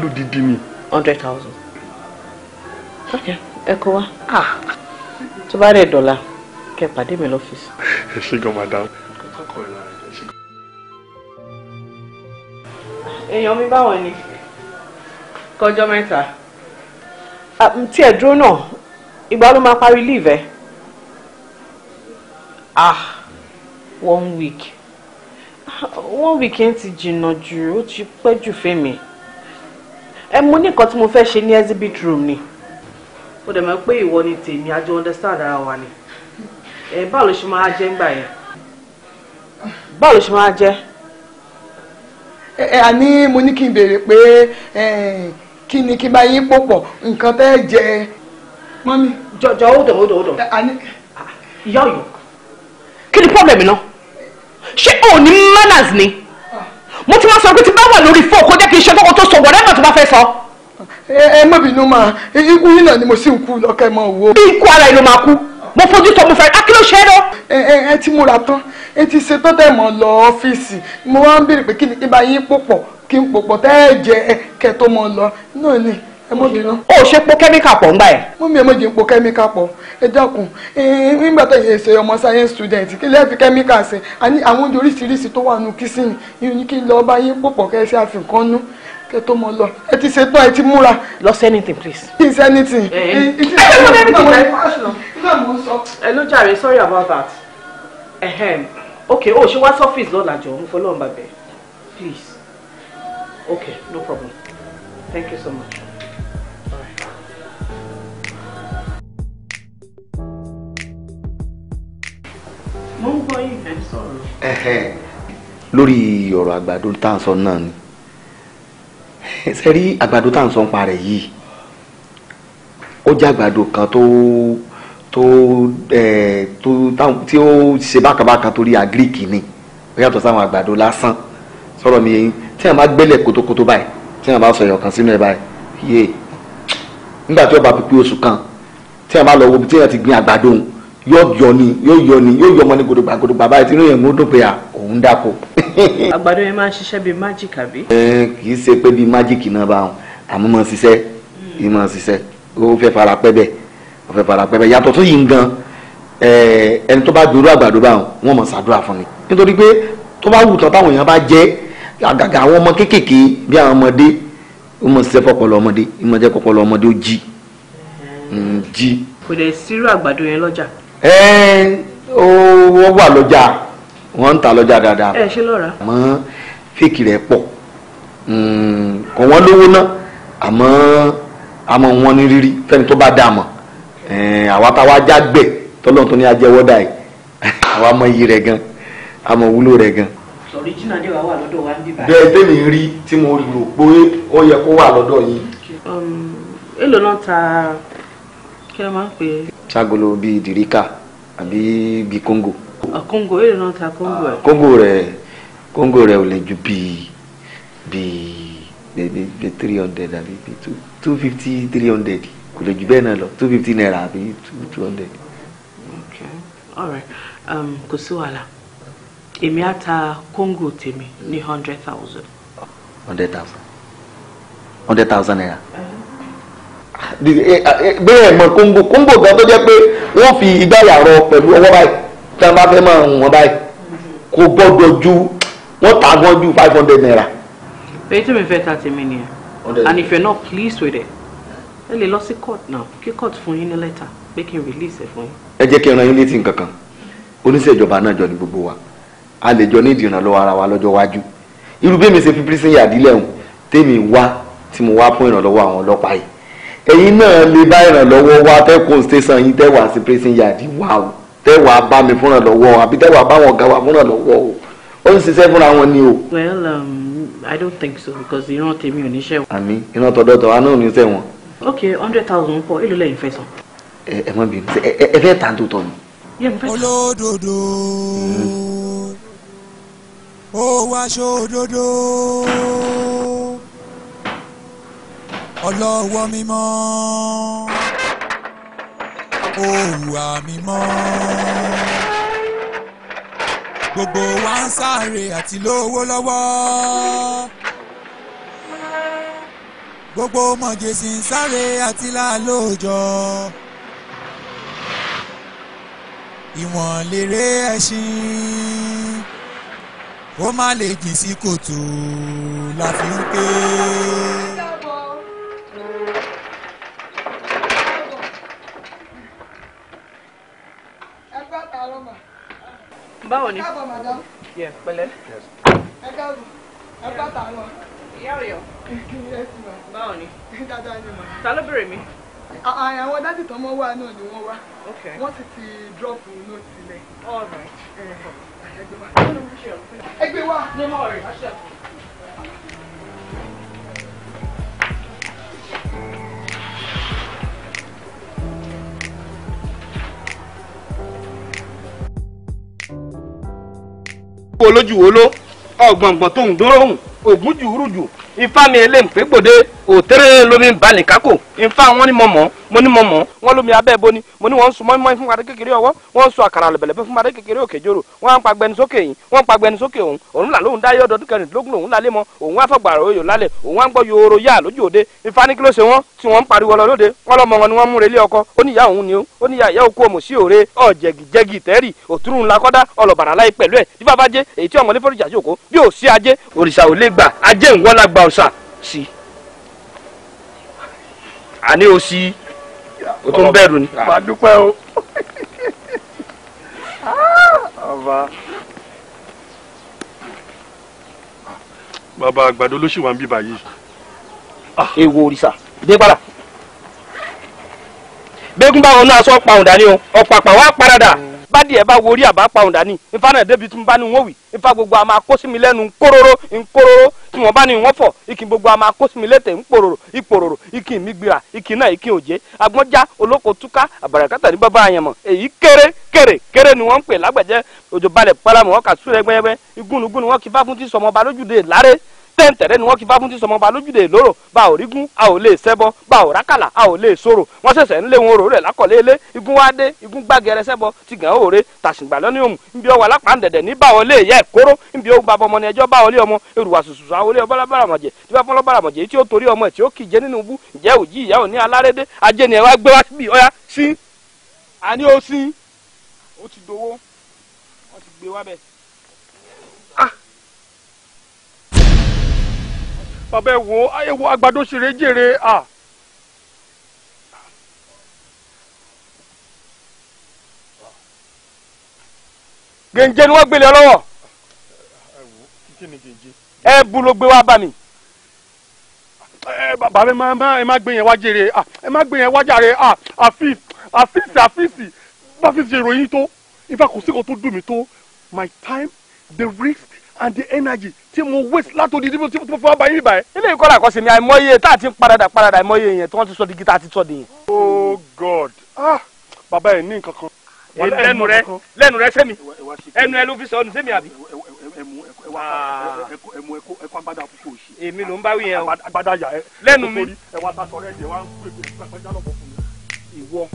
lódìdí mi. hundred thousand Okay. ẹ kó wá ah. tó bá dollar. Okay. kẹ́ ẹ office. mi lọ́fíìsì. ẹ madam. èèyàn mi báwọn ni kọjọ mẹ́ta. tí ẹ dúró náà ìgbà ló máa parí leave ẹ. ah one week one weekend ti jìnnà jù ó ti pẹ́ jù fẹ́mi ẹ mo ní nǹkan tí mo fẹ́ ṣe ní exhibit room ni ó dẹ̀ mọ̀ pé ìwọ ni tèmi àjọ understand ara wa ni ẹ báwo ló ṣe máa jẹ́ ńgbà yẹn báwo ló ṣe máa jẹ́. ẹ àní mo ní kí n béèrè pé kí ni kí n bá yín pòpọ̀ nǹkan tẹ́ jẹ mọ́mí. jọjọ ó dọ̀ ó dọ̀ ó dọ̀ ìyá ọ̀yọ́ kí ni pọ́blẹ̀mì náà ṣé o ní manners ni mo ti máa sọ pé tí bá wà lórí fóò kó jẹ́ kí n ṣe tọ́kọ tó sọ whatever tó bá fẹ́ sọ. ẹ má bínú máa ikú yìí náà ni mo sì ń kú lọ́kẹ́ mọ́ owó. bí ikú ara ẹ ló máa kú mo fojú sọ mo fẹ́ akíló ṣe é lọ. ẹ ẹ ẹ ti múra tán ẹ ti ṣe tó tẹ̀ mọ́ lọ ọ́fíìsì mo wá ń béèrè pé kí ni kí n bá yín pòpọ̀ kí n pòpọ̀ tẹ́ ẹ jẹ kẹ́ tó mọ́ lọ náà ni ó ṣe po kẹ́míkà pọ̀ ńgbà ẹ̀. mú mi èmọ̀jì ń po kẹ́míkà pọ̀ ẹ dákun nígbà tó yẹ ṣe ọmọ science student kí lẹ́ẹ̀ fi kẹ́míkà ṣe àwọn oúnjẹ oríṣiríṣi tó wà nù kìsìnì yìí ní kí n lọ bá yín pòpọ̀ kẹ́ ẹ ṣe àfikún nú kẹ́ tó mọ lọ ẹ ti ṣe tán ẹ ti múra. lọ say anything please. please eh, eh. anything. ẹ ẹ ló dé mi ẹ ló jàre sorry about that. Ehem. okay o ṣe wá sọ́fíìsì lọ́la jọ ń fọlọ́ọ̀ bàbẹ̀ please okay no problem thank you so much. mo ń gbọ́ yìí fẹ́ sọ̀rọ̀. lórí ọ̀rọ̀ àgbàdo tá à ń sọ náà ni ṣe rí àgbàdo tá à ń sọ nípa rẹ̀ yìí ó jẹ́ àgbàdo kan tó tó tó tí ó ṣe bákanbákan torí àgíríkì ni ó yàtọ̀ sáwọn àgbàdo lásán sọ̀rọ̀ mi yẹn tí wọ́n bá gbélẹ̀ kótókótó báyìí tí wọ́n bá sọ ẹ̀yọ̀kan sínú ẹ̀ báyìí yé nígbà tí ó bá pípé oṣù kan tí wọ́n bá lọ wo ibi tí wọ́n ti gbin àgbàdo òun yóò yọ ni yóò yọ ni yóò yọ ọmọ ní gòdògbà gòdògbà báyìí tí inú yẹn mú dùn pé à òun dáko. àgbàdo yẹn máa ń ṣiṣẹ́ bíi magic àbí. ẹ kì ṣe pé bíi magic náà bá wọn àmọ́ máa ṣiṣẹ́ yìí hmm. máa ṣiṣẹ́ ó fẹ́ fara pẹ́ bẹ́ẹ̀ ó fẹ́ fara pẹ́ bẹ́ẹ̀ yàtọ̀ tó yìí gan ẹni tó bá dúró àgbàdo bá wọn wọn máa ṣàdúrà fún mi nítorí pé tó bá wù tán táwọn èèyàn bá jẹ àgàgà àwọn ọmọ kéékèèké ó wà lọ́jà wọ́n ń ta lọ́jà dáadáa. ẹ ṣe lọ́ra. àmọ́ fèkì rẹ̀ pọ̀ hmm, kò wọ́n lówó ná àmọ́ àmọ́ wọn ní rírí fẹ́ni tó bá dá mọ̀ àwa táwa já gbẹ̀ tọ́lọ́n tó ní ajẹ́wọ́ dà yìí àwa mọ iyì rẹ̀ gan àmọ́ wúlò rẹ̀ gan. sọ̀rí jìnnà wa wà lọ́dọ̀ wa ń bíbá. bẹ́ẹ̀ tẹ́mi rí tí mo rò pé ó yẹ kó wà lọ́dọ̀ yìí. Um, èlò náà ta kí ló máa ń pè é ságolo bíi dìríkà àbí bíi kóńgò. kóńgò èlò náà ta kóńgò rẹ. kóńgò rẹ kóńgò rẹ ò lè ju bíi bíi bíi bíi three hundred àbí bíi two two fifty three hundred kò lè ju bẹ́ẹ̀ náà lọ two fifty naira àbí two hundred. ok all um, kò sí wàhálà èmi á ta kóńgò tèmi ní hundred thousand. hundred thousand hundred thousand naira. Uh -huh. Eh, eh, eh, bẹ́ẹ̀ mọ̀ kóńgò kóńgò gan tó jẹ́ pé wọ́n fi igbáyà rọ pẹ̀lú ọwọ́ báyìí tí wọ́n bá fẹ́ máa hùn wọ́n báyìí kò gbọ́dọ̀ ju wọ́n ta gan ju five hundred naira. èyí tí mi fẹ́ ta tèmi nìyẹn and if you're not pleased with it ẹ lè lọ sí court now kí court fún yín ní lẹ́tà pé kí n release ẹ fún yín. ẹ jẹ́ kí n ran yín létí nǹkan kan oníṣẹ́ ìjọba náà jọ ní gbogbo wa a lè jọ ní ìdìrànlọ́wọ́ ara wa lọ́jọ́ iwájú irú bí èmi ṣe fi prison yard lẹ́hùn tèmi wá tí mo wá fún ìrànlọ́wọ́ àwọn ọlọ́pàá yìí ẹ̀yin náà lè bá ìrànlọ́wọ́ wá tẹ́kùn station yìí tẹ́wàá sí prison yard wá o tẹ́wàá bá mi fúnra lọ́wọ́ o àbí tẹ́wàá bá wọn ọ̀gá fúnra lọ́wọ́ o ó ń ṣiṣẹ́ fúnra wọn ni o. well um, i don't think so because iran tèmi ò ní ṣe. àmì iná tọdọ tọ aná ò ní ṣe wọn. ok hundred thousand pọ èlò lẹ́yìn fẹ́ san. ẹ ẹ mọ bínú ẹ fẹ́ tà tó tọ ni. olódodo hmm. ó wá ṣòdodo ọlọ́wọ́ mímọ́ òwúwa mímọ́ gbogbo wa ń sáré àti lówó lọ́wọ́ gbogbo mọ̀jẹ̀ sì ń sáré àti lálóòjọ́ ìwọ̀n lérè ẹṣin ó má lè jìn sí kòtò la fi ń pè é. báwo ni. yẹ pẹ̀lẹ́. ẹ káàbọ̀ ẹ bá tààrọ. ìyá ọyọ. báwo ni. dáadáa ni mà. ta ló bèrè mi. àwọn dádì tán mọ́ wá náà ni wọ́n wá. wọ́n ti ti dírọ́ọ̀pù nóòtì lẹ̀. all right. ẹgbẹ́ wa. ẹgbẹ́ wa. ní mọ̀ rẹ̀ aṣọ àpò. olójú wo ló ọgbọ̀ngbọ̀n tó ń dúró ògùn jùúrù jù ifá mi eléǹpé òtẹ́rẹ́ lomi balẹ̀ kákò nfa wọn ni mo mọ̀ mo ni mo mọ̀ wọn lomi abẹ́ boni mo ni wọn sùn mọ́ mọ́ fún wa kékeré ọwọ́ wọn sùn àkàrà lẹ̀bẹ̀lẹ̀bẹ̀ fún wa kékeré òkè jòrò wọn pa gbẹnusókè yìí wọn pa gbẹnusókè òun òun là lóhun dáyé ọdọọdún kẹrìndínlógún lòun lálé mọ òun wá fọgbàrà oyò lálẹ́ òun wá ń gbọ́ yòòrò yá lójú òde nfa ní kílóṣe wọn tí wọn ń pariwo lọ lóde wọn lọmọ wọn ni wọn múre lé ọkọ ó ní ìyá òun ni ó ó ní ìyá òkú òmù sí òre ọ̀jẹ̀gìjẹ̀gì tẹ́rì òtúrú ńlá kọ́dá ọlọ́bàrà láì pẹ̀lú ẹ̀ bí bàbá jẹ́ èyí tí ọmọlé fọ́rọ̀ àní òsì o tún bẹ̀rù ni. bá dúpẹ́ o ọba. bàbá àgbàdo ló ṣì wà ń bí báyìí. Ah. ewo òrìṣà dé padà gbẹ́gun bá wọn náà sọ pàùn dání o ọ̀pọ̀ àpàwọ́ àparadà. Mm bádìí ẹ bá worí àbá pàwọn dání ifá náà débi tí mo bá ní wọn wì ifá gbogbo àmà akósími lẹ́nu ńkóróró ńkóróró tí wọ́n bá ní wọ́n fọ̀ ikin gbogbo àmà akósími lẹ́tẹ̀ ńkóróró ìkóróró ikin mi gbìrà ikin náà ikin òjé agbọ́njá olóko túká àbàràkátà ní bàbá àyàn mọ̀ èyí kéré kéré kéré ni wọ́n ń pè lágbàjẹ́ òjò balẹ̀ pálámọ̀ wọ́n kà súrẹ́ gbẹ́yẹ́gbẹ́ igúnnugún ni wọ́n kí fáfún ti sọmọ balójúde láre tẹ̀ǹtẹ̀rẹ́ ni wọ́n kí fáfún tí sọmọ ba lójúde lóró ba ò a ò lè sẹ́bọ ba ò rákàlà a ò lè sọ̀rọ̀ wọ́n ṣẹ̀ṣẹ̀ ń lé wọn rò rẹ̀ ilé igun wá dé igun gbàgẹ̀rẹ̀ sẹ́bọ ti gàn ó re tàṣìgbà lọ́ní òmù nbí ọwọ́ ní báwọn lè yẹ kóró nbí gbàbọ ọmọ ní ẹjọ́ báwọn lé ọmọ èrùwà sùsùsù bàbá ẹ wo ẹ wo ṣeré jèrè à. gèǹjẹ ni wọ́n gbélé ọ lọ́wọ́ ẹ bu ló gbé wá bá bàbá mi ẹ má gbé yẹn wá jèrè ẹ má gbé yẹn wá jàre àfíìsì àfíìsì àfíìsì bá fi ṣe ìròyìn tó ìfẹ́ kò sí kan tó dùn mí tó my time the risk and the energy tí mo waste látòdì tí mo fún wa báyìí báyìí. ilé ìkọ́lá àkọsí mi àìmọye tá a ti ń paradà paradà àìmọye yẹn tí wọ́n ti sọ di gita àti sọ di yẹn. oh god ah bàbá ẹ̀ ní nǹkan kan. lẹ́nu rẹ lẹ́nu rẹ sẹ́mi ẹnu ẹ ló fi sọ ọ́nù sẹ́mi àbí. ẹmu ẹkọ agbada àkókò òsì. èmi ló ń bá wí yẹn o agbada yà ẹ lẹ́nu mi. ìwọ.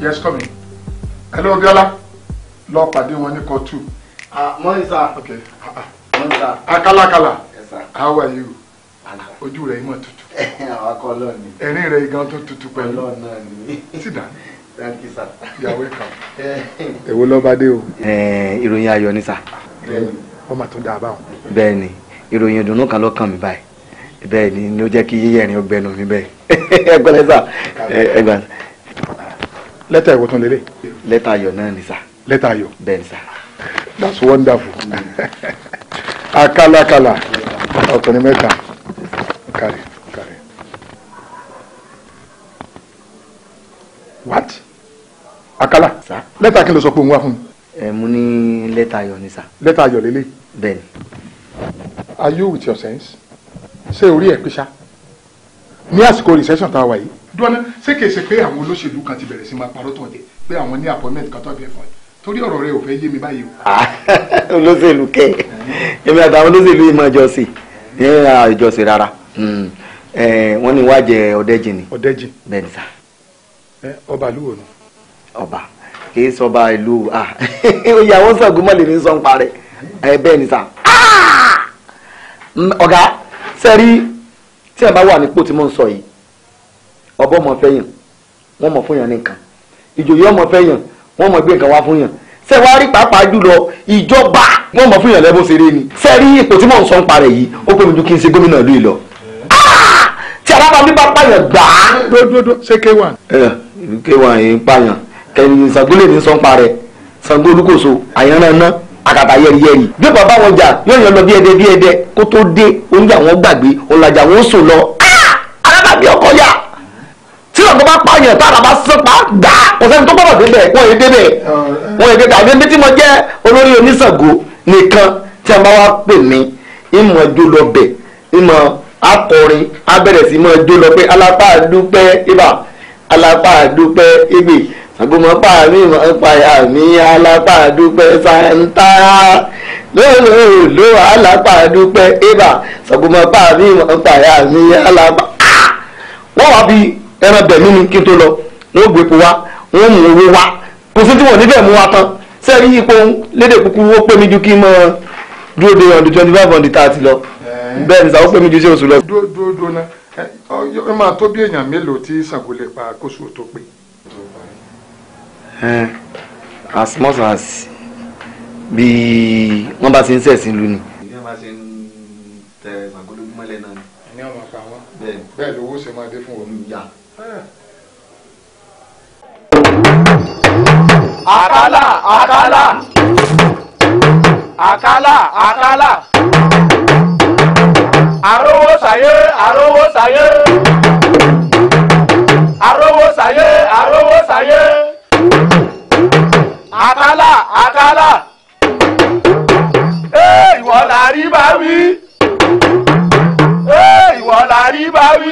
yes come in hello Biola lọ pàdé wọn ní call two. ah morning sir. okay ah morning sir. akalakala yes sir how are you ojú rẹ ìmọ̀ tutù ẹ̀rín rẹ igan tó tutù pẹ̀lú sit down thank you sir you are welcome. èwo ló bá dé o. ìròyìn ayọ̀ ni sà. ọmọ tó dáa báwọn. bẹ́ẹ̀ ni ìròyìn ìdùnnú kan ló kàn mí báyìí bẹ́ẹ̀ ni ló jẹ́ kí yíyẹ̀rín ọgbẹ́nu mi bẹ́ẹ̀ ẹgbẹ́lẹ́sà ẹgbẹ́lẹ́sà lẹ́tà ìwọ tún lélẹ̀. lẹ́tà ayọ̀ náà ni sà. lẹ́tà ayọ̀. bẹ́ẹ̀ ni sà. that's wonderful. akalakala ọkùnrin mẹ́ta kárẹ̀ kárẹ̀. what akala lẹ́tà kí ló sọ pé òun wá fún mi. ẹ mú ní lẹ́tà ayọ̀ ni sà. lẹ́tà ayọ̀ lélẹ̀. bẹ́ẹ̀ ni. are you with your sense? ṣé orí ẹ̀ pé ṣá ní àsìkò recession tá a wà yìí dọ́nà ṣé kìí ṣe pé àwọn olóṣèlú kan ti bẹ̀rẹ̀ sí máa parọ́ tàn jẹ pé àwọn ní appointment kan tó fẹ́ fún ẹ torí ọ̀rọ̀ rẹ ò fẹ́ yé mi báyìí o. Ah, olóṣèlú kẹ èmi àtàwọn olóṣèlú yìí máa jọ́sìn ní àjọsìn rárá hmm. wọ́n ní wájẹ ọ̀dẹ́jìn ni. ọ̀dẹ́jìn bẹ́ẹ̀ni sá. ọba ìlú wo ni. ọba kìí sọba ìlú ìyàwó sàgùnmọ̀lẹ̀ ní sọ́n parẹ́ bẹ́ẹ̀ni sá. Ah! ọ̀gá sẹ́rí tí a bá wà nípò tí mò ń sọ yìí ọbọ mọ fẹ́ yàn wọ́n mọ̀ fún yàn nìkan ìjòyè ọmọ fẹ́ yàn wọ́n mọ̀ gbé nǹkan wá fún yàn ṣé wàá rí pàápàá jùlọ ìjọba wọ́n mọ̀ fún yàn lẹ́bùn ṣeré ni ṣé rí ipò tí mò ń sọ ń parẹ́ yìí ó pè mí ju kí n ṣe gómìnà ìlú ìlọ. Ah! tí alábà mi bá pààyàn gbà á. dódódó ṣé k1. ẹ k1 yìí ń pààyàn kẹyìn Ṣàngó lè ní sọ ń parẹ́ Ṣàngó àkàtà yẹriyẹri bí bàbá wọn jà yóò yàn lọ bí ẹdẹ bí ẹdẹ kó tó dé oúnjẹ àwọn gbàgbé ọ̀làjà wọn sò lọ. Ah! alábàbí ọkọ yà tó bá pààyàn tára bá sán pa gbà kò sẹ́ni tó gbọ́dọ̀ débẹ̀ wọ́n yé débẹ̀ wọ́n yé débẹ̀ àbí tí mo jẹ́ olórí oníṣàngó nìkan tí a bá wá pè mí ìmọ̀ ẹjọ́ lọ bẹ̀ ìmọ̀ akọrin abẹ̀rẹ̀ sí mọ̀ ẹjọ́ lọ pé alápá dúpẹ́ ibà alápá dúpẹ́ ibì àgbọ̀mọ́pá mi mọ̀ pàyà mi alápá dúpẹ́ sáńtà lóòlò ló alápá dúpẹ́ ibà àgbọ̀mọ́pá mi mọ̀ pàyà mi alápá ah! wọ́n wá bíi ẹran bẹ̀mí ni kí n tó lọ ló gbé epo wá wọn mú owó wá kò sí tí wọn níbẹ̀ mú wa tán sẹ́ẹ̀rí ipò lédè kúkúrú ó pè mí ju kí n mọ dúró de ọ̀dẹ twenty five ọ̀dẹ thirty lọ bẹ́ẹ̀ ni sàó pè mí ju sí oṣù lọ. dúró dúró dúró ná ẹ máa tó bí èèyàn mélòó tí Ṣàngó lè pa kóṣù tó pé. as much as bí wọ́n bá ti ń sẹ̀sìn lónìí. ìyá máa ṣe ń tẹ Ṣàngó lójúmọ́lẹ̀ náà. ẹni ọmọ pa wọn bẹ́ẹ̀ lówó ṣe máa dé fún wọn. Akala, akala, akala, akala. àrówó saye, àrówó saye, àrówó saye, àrówó saye. Akala, akala. ee ìwọ làrí bá wí ee ìwọ làrí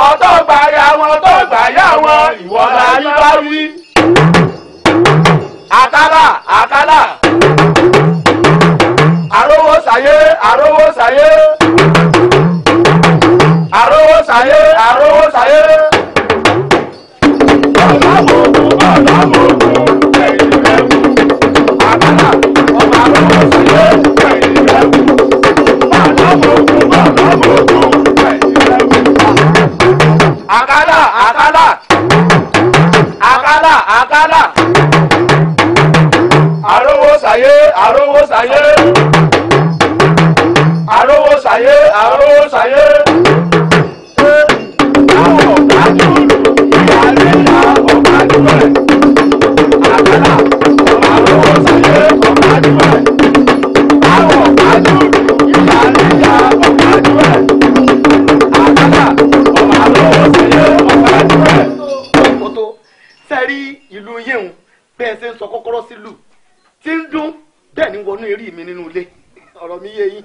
ìwọ tó gbà ya wọn tó gbà ya wọn ìwọ la yí bá wí. àkàlà àkàlà àrówó sàyé àrówó sàyé àrówó sàyé àrówó sàyé. ọ̀làmọ̀gùn ọ̀làmọ̀gùn ẹ̀yìn àkàlà ọmọ àrówó sàyé ẹ̀yìn rẹ̀ wù. Hágalo. nínú ilé ọ̀rọ̀ mi yé yín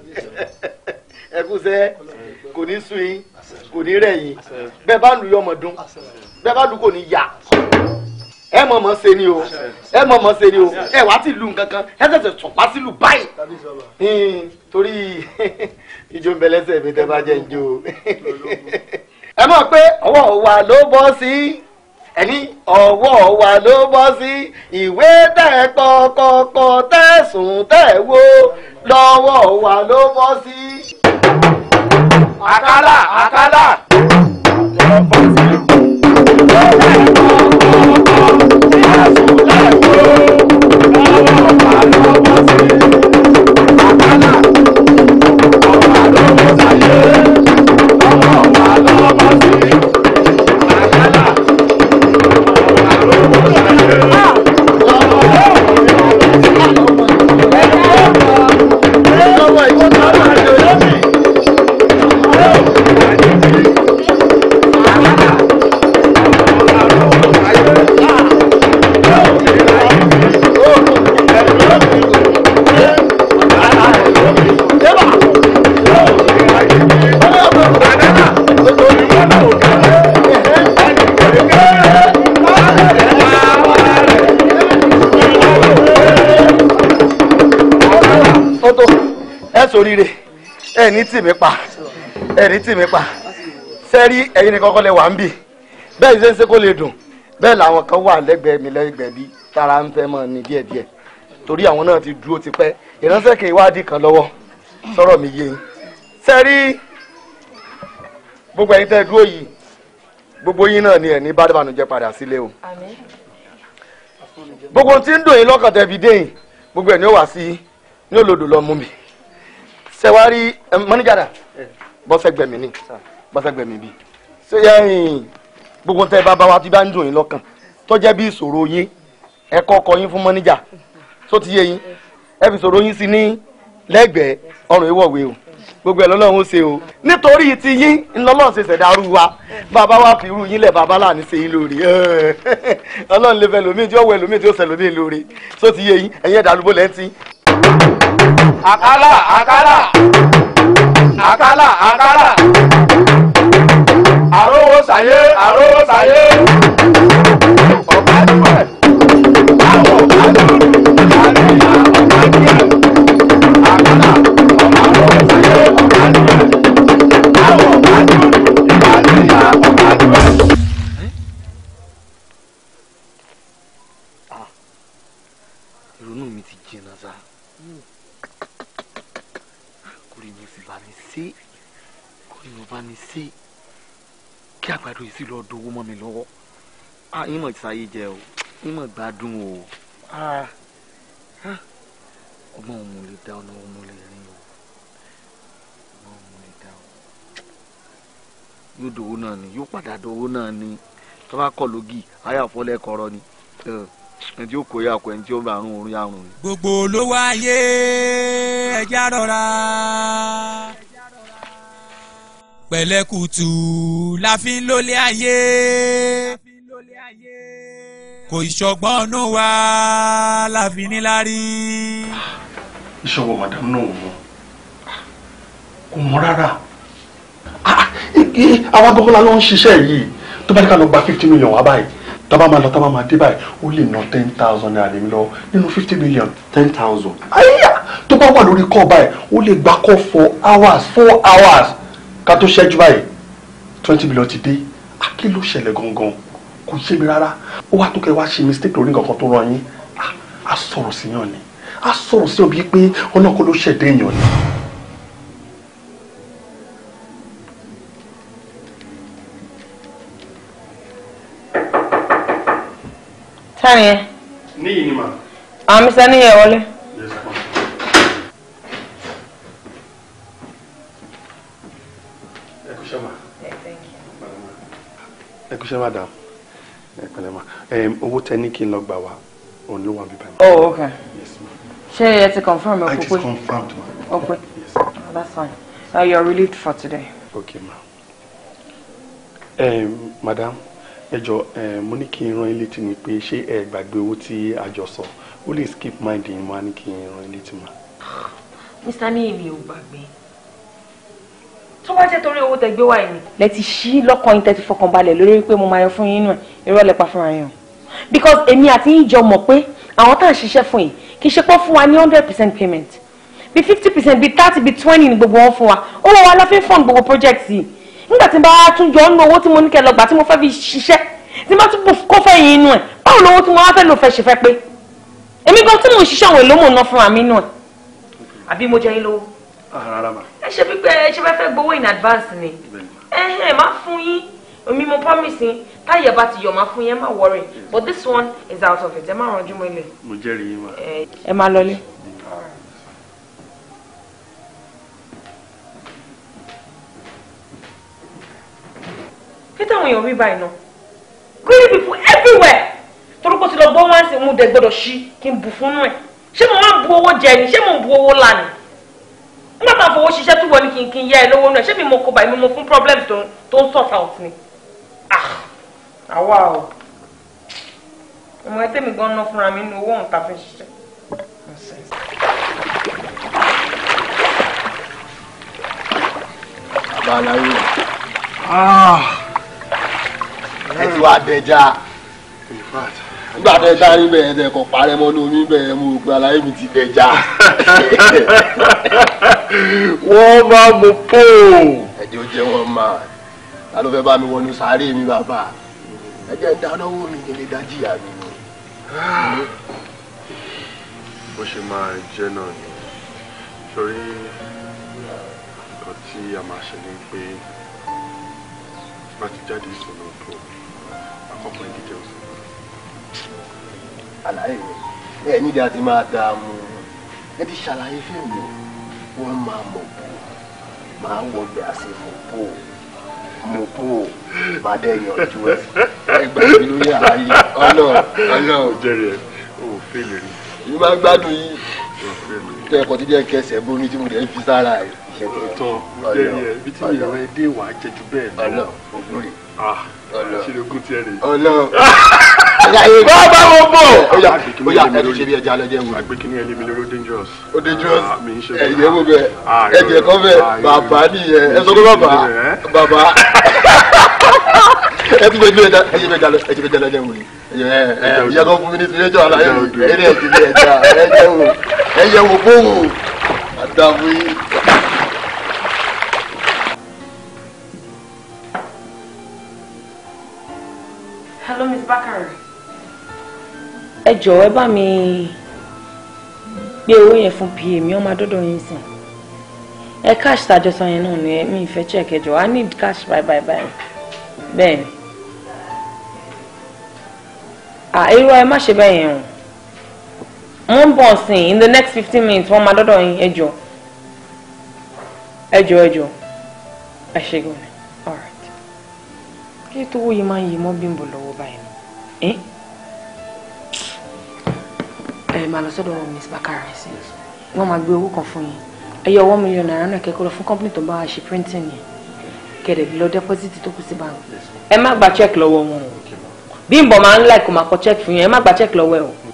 ẹ̀kúnṣẹ́ kò ní sùn yín kò ní rẹ̀ yín bẹ́ẹ̀ bá lu yọmọ dún bẹ́ẹ̀ bá lu kò ní yà ẹ mọ̀ mọ̀ ṣe ni o ẹ mọ̀ mọ̀ ṣe ni o ẹ wá ti lu nǹkan ẹ tẹ̀sẹ̀ tọ̀pá sílù báyìí hmm, torí ìjọ ń bẹ lẹ́sẹ̀ mi tẹ́ bá jẹ́ ìjọ ẹ mọ̀ pé ọwọ́ wa ló bọ́ sí ẹni ọwọ́ wa ló bọ́ sí ìwé tẹ̀ kọ́kọ́kọ́ tẹ̀sùn tẹ̀ wò lọ́wọ́ wa ló bọ́ sí. àkàlà àkàlà. soríire ẹni tì mí pa ẹni tì mí pa sẹ́rí ẹ̀yin ni kọ́kọ́ lè wà ń bì bẹ́ẹ̀ ṣe ń ṣe kó lè dùn bẹ́ẹ̀ làwọn kan wà lẹ́gbẹ̀ẹ́ mi lẹ́gbẹ̀ẹ́ bí tara ń fẹ́ mọ́ ni díẹ̀díẹ̀ torí àwọn náà ti dúró tipẹ́ ìránṣẹ́ kì í wádìí kan lọ́wọ́ sọ̀rọ̀ mi yé yín sẹ́rí gbogbo ẹ̀yin tẹ́ dúró yìí gbogbo yín náà ni ẹ̀ ní bádàbànú jẹ́ padà sílé o gbogbo tí ń dùn yín lọ́kàn tẹ́ fi dé yìí gbogbo ẹ̀ ni ó wà sí ní olódò lọ́mú mi sẹwárí mọ́níjàdà bọ́sẹ̀gbẹ̀mí ni bọ́sẹ̀gbẹ̀mí bíi ṣé ẹ̀yìn gbogbo tẹ́ bá bá wa ti bá ń dùn yín lọ́kàn tó jẹ́ bí ìṣòro yín ẹ kọ́kọ́ yín fún mọ́níjà tó ti yé yín ẹ fi ìṣòro yín sí ní lẹ́gbẹ̀ẹ́ ọrùn ìwọ̀wé o gbogbo ẹ̀ lọ́lọ́run ó ṣe o nítorí ti yín ńlọ́lọ́run ṣe ṣẹ̀dá wa bàbá wa fi irú yín lẹ̀ bàbá láàánú ṣe yín lórí ọlọ́run lè fẹ́ lómi tí ó wẹ̀ lómi tí ó ṣẹ̀ lómi lórí tó ti yé yín ẹ̀yin ẹ̀dá àlùbọ̀ lẹ́ńtì Akala, akala, akala, akala. àrówó sàyé àrówó sàyé. ìmọ̀ sáyé jẹ o ìmọ̀ gbádùn o ah. Ah. ọmọ òun lè dá ọ̀nà òun lè rìn o ọmọ òun lè dá o yóò dòwó náà ni yóò padà dòwó náà ni tó bá kọ lógì ayàfọ́lẹ́ kọ̀rọ̀ ni ẹni tí ó kó yàkọ ẹni tí ó bá àrùn òun yàrùn ni. gbogbo ló wáyé ẹja rọra pẹ̀lẹ́kùtù la fi ń lólé ayé kò ìṣọ̀gbọ́n ọ̀nà wa la fi ní lárí. ìṣọwọ́ madam náà mọ̀ kò mọ̀ rárá ah, àwa gbogbo la ló ń ṣiṣẹ́ yìí tó bá ní ká lọ gba fifty million wá báyìí tábà máa lọ tábà máa dé báyìí ó lè ná ten thousand naira lèmi lọ nínú fifty million ten thousand. àyà tó bá wà lórí kọ́ báyìí ó lè gbà kọ́ for hours four hours ká tó ṣẹ́jú báyìí twenty million ti dé àkìlò ah, ṣẹlẹ̀ gangan kò ṣe mi rárá ó wá tó kẹ́ wá ṣe mistake lórí nǹkan tó ràn yín ah, a sọ̀rọ̀ sí yàn ni á sọ̀rọ̀ sí òbí pé ọ̀nà kan ló ṣẹ̀dá èèyàn ni. táni ẹ. níyì ni mà. àwọn mi sẹ́ni yẹn wọlé. ẹ kúṣẹ́ madam ẹ pẹ̀lẹ́ ma owó tẹ ní kí n lọ gbà wá òun ló wà ń bíbá oh ok ṣé ẹ ti confirm ẹ kó i just confirmed ma. ó pé that's fine uh, you are relieved for today. okay ma um, madam ẹ jọ mo ní kí n rán ilé tí mi pé ṣé ẹ gbàgbé owó tí a jọ sọ ó lè skip mind in mo á ní kí n rán ilé tí ma. mr ní èmi ò gbàgbé tó bá jẹ́ torí owó tẹ gbé wáyé ni. lẹ ti ṣí lọ́kàn yín tẹ́tí fọkàn balẹ̀ lórí pé mo máa yọ fún yín nù irọ́ lẹ pa fúnra yín o because èmi àti yín jọ mọ̀ pé àwọn tá à ń ṣiṣẹ́ fún yìí kì í ṣe pọ́ fún wa ní hundred percent payment bí fifty percent bí thirty bí twenty ni gbogbo wọn fún wa owó wa la fi ń fund gbogbo project yìí nígbà tí n bá tún yọ nínú owó tí mo ní kẹ́ lọ gbà tí mo fẹ́ fi ṣiṣẹ́ tí n bá tún kó fẹ́ yín inú ẹ̀ báwo lowó tí mo wá fẹ́ lò fẹ́ ṣe fẹ́ pé èmi gan tí mo ń ṣiṣẹ́ àwọn èlò mò ń ná fúnra mi inú ẹ̀ àbí mo jẹ yín lówó. Ah, rárá ma ẹ ṣe bí pé ẹ ṣe fẹ́ fẹ́ gbowó in advance ni ẹ̀hẹ́n má fún yín omi mo promise yín táyẹ̀ bá ti yọ̀ má fún yín ẹ má worry but this one is out of it ẹ má ranjú mọ́ ilé. mo jẹ́rìí yín ma. ẹ má lọlé. kí táwọn èèyàn rí báyìí náà greedy people everywhere torúkọ ti lọ gbọ́ wá sí i mo dẹ̀ gbọ́dọ̀ ṣí kí n bù fún nù ẹ̀ ṣé mo máa ń bu owó jẹ ni ṣé mo ń bu owó lá n bá máa fowó ṣiṣẹ́ tí wọ́n ní kí n kí n yá ẹ lówó náà ṣé mi mo kó báyìí mi mo fún problem tó ń sort out ni. Ah! àwa o ọmọ ẹ tẹ́mi gan-an fúnra mi ní owó ọ̀hún tá fi ṣiṣẹ́. balaye ah! ẹ ti wá dẹja nígbà tẹ dárí bẹ́ẹ̀ tẹ kọ̀ parẹ́ mọ́ ní omi bẹ́ẹ̀ mo gba láyé mi ti dẹja. wọ́n máa mú póò. ẹ̀jẹ̀ ó wọn máa ta ló fẹ́ bá mi wọnú sáré mi bàbá ẹ̀jẹ̀ dáná wò mí nílé dájìyà mi. bó ṣe máa jẹ́ náà ni torí nǹkan tí a máa ṣe ni pé bá jáde ìṣòro tó àkọ́kọ́ ìdíje òsì àlàyé rẹ ẹ nídìí àti máa dààmú ẹ ti ṣàlàyé fẹ́mi wọ́n máa mọ̀ bò máa wọgbẹ́ àṣẹ mọ̀ bò mo bò máa dẹ́ yanjú ẹ ẹgbà mi lórí àlàyé ọ̀nà ọ̀nà òjẹrẹ òfin lè rí. mi máa ń gbádùn yìí tẹ ẹkọ tí jẹ kẹsẹ bóni tí mo dẹ fi sára ẹ. ọ̀tọ̀ jẹ́rìí ẹ bí tí mi ìrọ̀ ẹ dé wàá jẹ ju bẹ́ẹ̀ lọ. ọ̀nà ògbóni ṣìlógún tiẹ̀ rè. Ọlọ́run. bá a bá wọn bọ̀. ó yà ó yà ẹ ṣe bí ẹja lọ́jọ́ wò. àgbékiní ẹni mi lóró dangerous. ó dangerous ẹ̀yẹ́ wo bẹ́ẹ̀ ẹ̀jẹ̀ kan bẹ́ẹ̀ bàbá nìyẹn ẹ sọ pé bàbá bàbá ẹ tún bẹ gbé ẹja ẹ ṣe bẹ jalọ ẹ ṣe bẹ jalọ ẹjẹ wò ni ẹjẹ kan fún mi ní sinetọ ala ẹ ẹ ẹ ẹ ti bí ẹja ẹjẹ wò ẹjẹ wò fóun àdàbò yìí. Hello, Miss Bakare. Ẹ jọ̀ọ́ ẹ bá mi gbé owó yẹn fún PA mi, ọmọ adọ́dọ̀ yín sìn. Ẹ cash tàjọsọ yẹn náà ni mi ìfẹ́ check ẹ jọ̀ọ́. I need cash bye bye bye. Bẹ́ẹ̀ni. À irú ẹ má ṣe bẹ́ẹ̀ yẹn o. Mo ń bọ̀ sìn in the next fifteen minutes wọ́n máa dọ́dọ̀ yín ẹ jọ̀ọ́. Ẹ jọ̀ọ́ ẹ jọ̀ọ́. Ẹ ṣe gan ṣé tówó yìí máa ń yí mọ́ Bímbọ lọ́wọ́ báyìí nù ẹ máa lọ sọ́dọ̀ Miss Bakare sí wọ́n máa gbé owó kan fún yín ẹ yọ one million naira náà kẹ́kọ̀ọ́ fún company tó bá wa ṣe printing yẹn kẹ̀dẹ̀ lọ deposit tó kù sí bank ẹ má gba check lọ́wọ́ wọn o Bímbọ máa ń like o máa kọ check fún yín ẹ má gba check lọ́wọ́ ẹ o.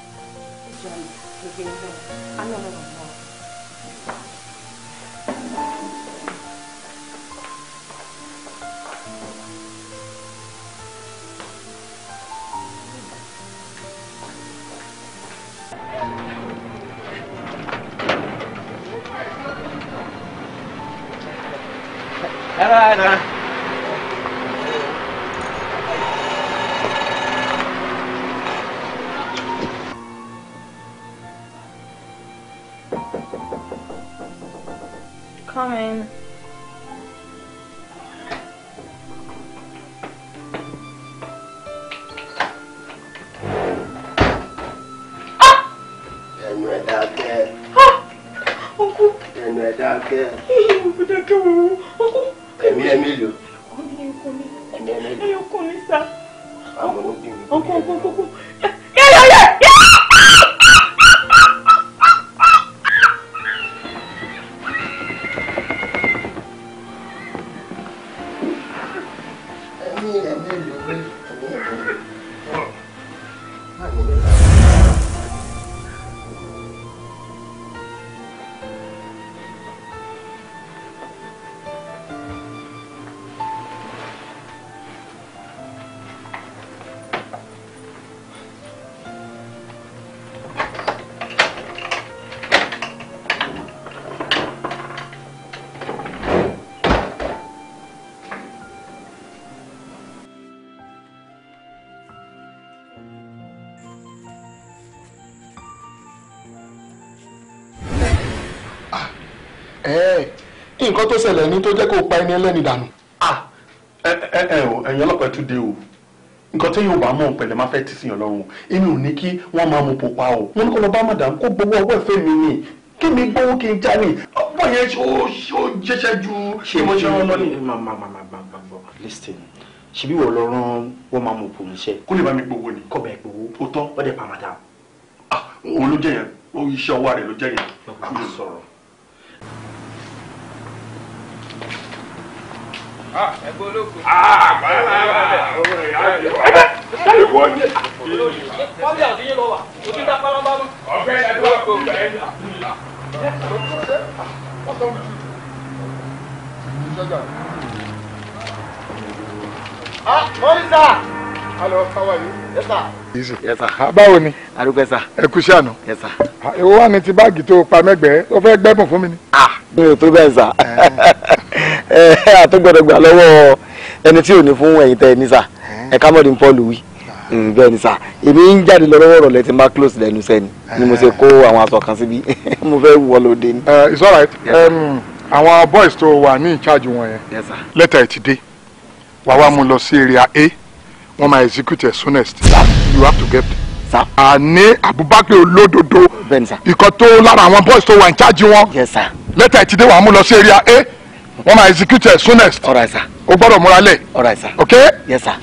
nǹkan tó ṣẹlẹ̀ ní tó jẹ́ kó pa ẹni ẹlẹ́ni dànù. ẹ ẹ ẹ o ẹ̀yin ọlọ́pàá tún dé o nǹkan tí yóò bá mọ̀ pẹ̀lẹ́ máa fẹ́ tì sí ọlọ́run èmi ò ní kí wọ́n máa mú pupa o. mo ní kó lọ bá madam kó gbowó ọwọ́ ìfẹ́ mi ni kí mi gbowó kí n já ni ọ̀pọ̀ yẹn ó jẹ́ṣẹ́ ju ìmọ̀ṣẹ́ wọn lọ ni. listen ṣebí wọ́n lọ rán wọ́n máa mú òpó níṣẹ́. kó lè bá mi gbowó ni. kọ́ bẹ́ẹ̀ gbowó. ó tán ó dẹ̀ pa madam. ah òun ló jẹ́ yẹn iṣẹ́ ọwọ́ rẹ̀ ló jẹ́ yẹn. sọ̀rọ̀ ẹgbẹ́ Ah, Morisa! hello how are you. yes sir. easy. yes sir. Ah, báwo ni. arúgbó sà. ẹ kú sí àná. yes sir. ìwọ wà ní ti báàgì tó pa mẹ́gbẹ̀ẹ́ ó fẹ́ gbẹ́bùn fún mi ni. ah mi ò tó bẹ́ẹ̀ sà àtúgbọ̀dọ̀ eh, eh, gbà lọ́wọ́ ẹni tí ò ní fún ẹ̀yin tẹ́ ẹ ní sà eh. ẹ̀ka mọ̀dín paul wí ah. mm, bẹ́ẹ̀ ni sà èmi ń jáde lọ lọ́wọ́ ọ̀rọ̀ lẹ́tí máa close lẹ́nu sẹ́ni ni mo ṣe kó àwọn aṣọ kan síbi mo fẹ́ wọ lóde ni. it's all right um, àwọn boys tó wà ní in charge wọn yẹn lẹ́tà ẹ̀ ti dé wàá wá mú lọ sí area A wọ́n máa execute as soonest you have to get. àní Abubakar olódodo ikọ̀ tó lára àwọn boys tó wà ń charge wọn lẹ́tà ẹ̀ ti dé wàá mú lọ sí area a wọ́n máa execute as soonest o gbọ́dọ̀ múra lẹ̀ ok. Yes, sir.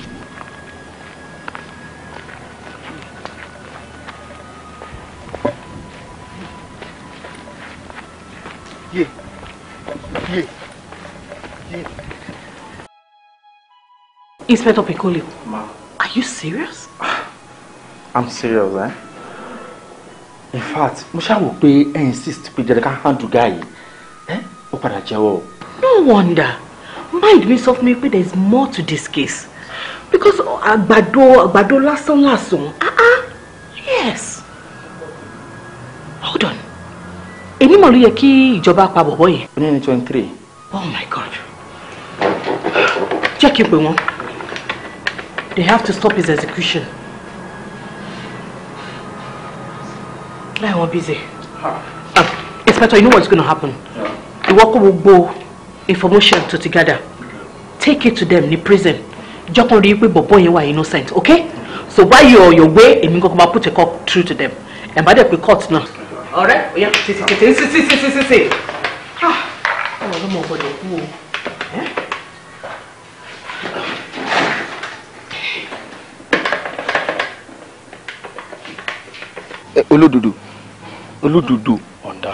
Inspector Piccolo. Ma. Are you serious? I'm serious, eh? In fact, mo will be pé ẹ insist pé jẹ́rẹ́ ká handle guy Eh? Ó padà jẹ́wọ́. No wonder. Mind me, sọ me, but there's more to this case. Because àgbàdo àgbàdo lásán lásán. Ah ah. Yes. Hold on. Any mọ̀ ló joba kí ìjọba pa bọ̀bọ̀ yẹn. three. Oh my God. Check kí n They have to stop his execution. Láì wọ́n busy. Ah. Ah, Inspector, you know what's going to happen? The worker will go information tó ti Take it to them ní prison. Jọ́kàn rí i pé bọ̀bọ̀ yẹn wà innocent, okay? So while you're your way, èmi kankan máa put a call through to them. And by the pé court náà. Ọ̀rẹ́, ó yá tètè tètè tètè tètè tètè. Ọ̀rọ̀ ló mọ ọ̀gbọ́dọ̀ kú o. Eh, olódodo olódodo ọ̀ǹda